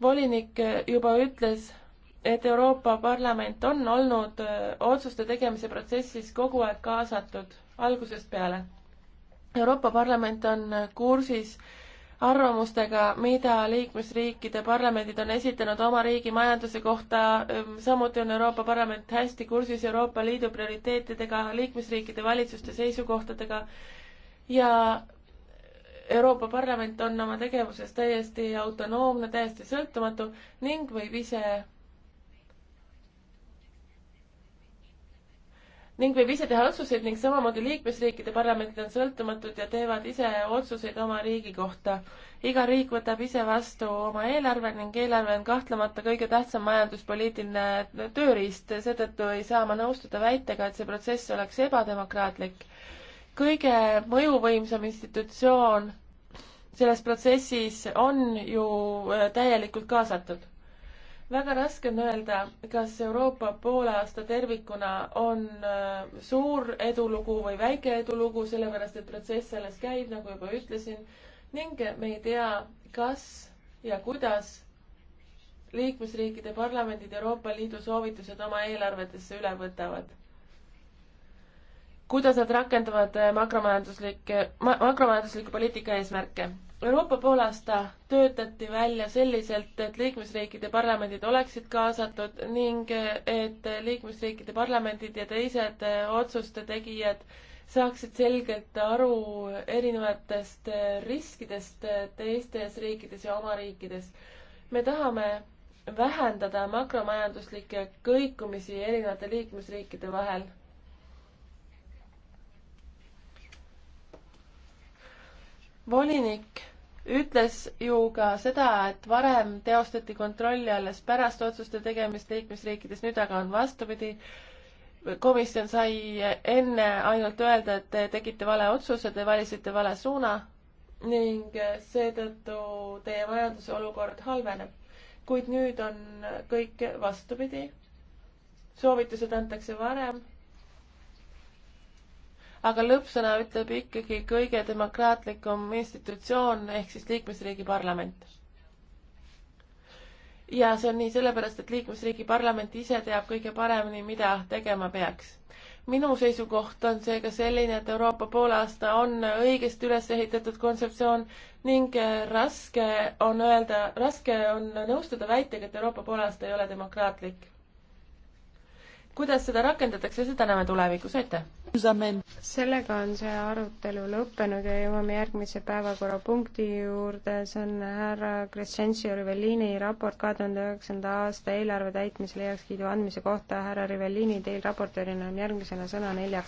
volinik juba ütles, et Euroopa Parlament on olnud äh, otsuste tegemise protsessis kogu aeg kaasatud algusest peale. Euroopa Parlament on äh, kursis arvamustega, mida liikmesriikide parlamendid on esitanud oma riigi majanduse kohta, ähm, samuti on Euroopa Parlament hästi kursis Euroopa Liidu prioriteetidega, liikmesriikide valitsuste seisukohtadega ja Euroopa Parlament on oma tegevuses täiesti autonoomne, täiesti sõltumatu ning võib ise ning võib ise teha otsuseid ning samamoodi liikmesriikide parlamendid on sõltumatud ja teevad ise otsuseid oma riigi kohta. iga riik võtab ise vastu oma eelarve ning eelarve on kahtlemata kõige tähtsam majanduspoliitiline tööriist, seetõttu ei saa ma nõustuda väitega, et see protsess oleks ebademokraatlik. kõige mõjuvõimsam institutsioon selles protsessis on ju äh, täielikult kaasatud väga raske on öelda, kas Euroopa poolaasta tervikuna on äh, suur edulugu või väike edulugu, sellepärast et protsess alles käib, nagu juba ütlesin, ning me ei tea, kas ja kuidas liikmesriikide parlamendid Euroopa Liidu soovitused oma eelarvetesse üle võtavad. kuidas nad rakendavad äh, makromajanduslikke ma,, makromajandusliku poliitika eesmärke Euroopa poolaasta töötati välja selliselt, et liikmesriikide parlamendid oleksid kaasatud ning et liikmesriikide parlamendid ja teised otsuste tegijad saaksid selgelt aru erinevatest riskidest teistes riikides ja oma riikides. me tahame vähendada makromajanduslikke kõikumisi erinevate liikmesriikide vahel volinik ütles ju ka seda, et varem teostati kontrolli alles pärast otsuste tegemist liikmesriikides, nüüd aga on vastupidi. komisjon sai enne ainult öelda, et te tegite vale otsuse, te valisite vale suuna ning seetõttu teie majanduse olukord halveneb. kuid nüüd on kõik vastupidi. soovitused antakse varem aga lõppsõna ütleb ikkagi kõige demokraatlikum institutsioon ehk siis liikmesriigi parlament. ja see on nii sellepärast, et liikmesriigi parlament ise teab kõige paremini, mida tegema peaks minu seisukoht on seega selline, et Euroopa poolaasta on õigesti üles ehitatud kontseptsioon ning raske on öelda, raske on nõustuda väitega, et Euroopa poolaasta ei ole demokraatlik kuidas seda rakendatakse, seda näeme tulevikus, aitäh! sellega on see arutelu lõppenud ja jõuame järgmise päevakorrapunkti juurde, see on härra Crescencio Rivellini raport kahe tuhande üheksanda aasta eelarve täitmisele heakskiidu andmise kohta, härra Rivellini, teil raportöörina on järgmisena sõna neljaks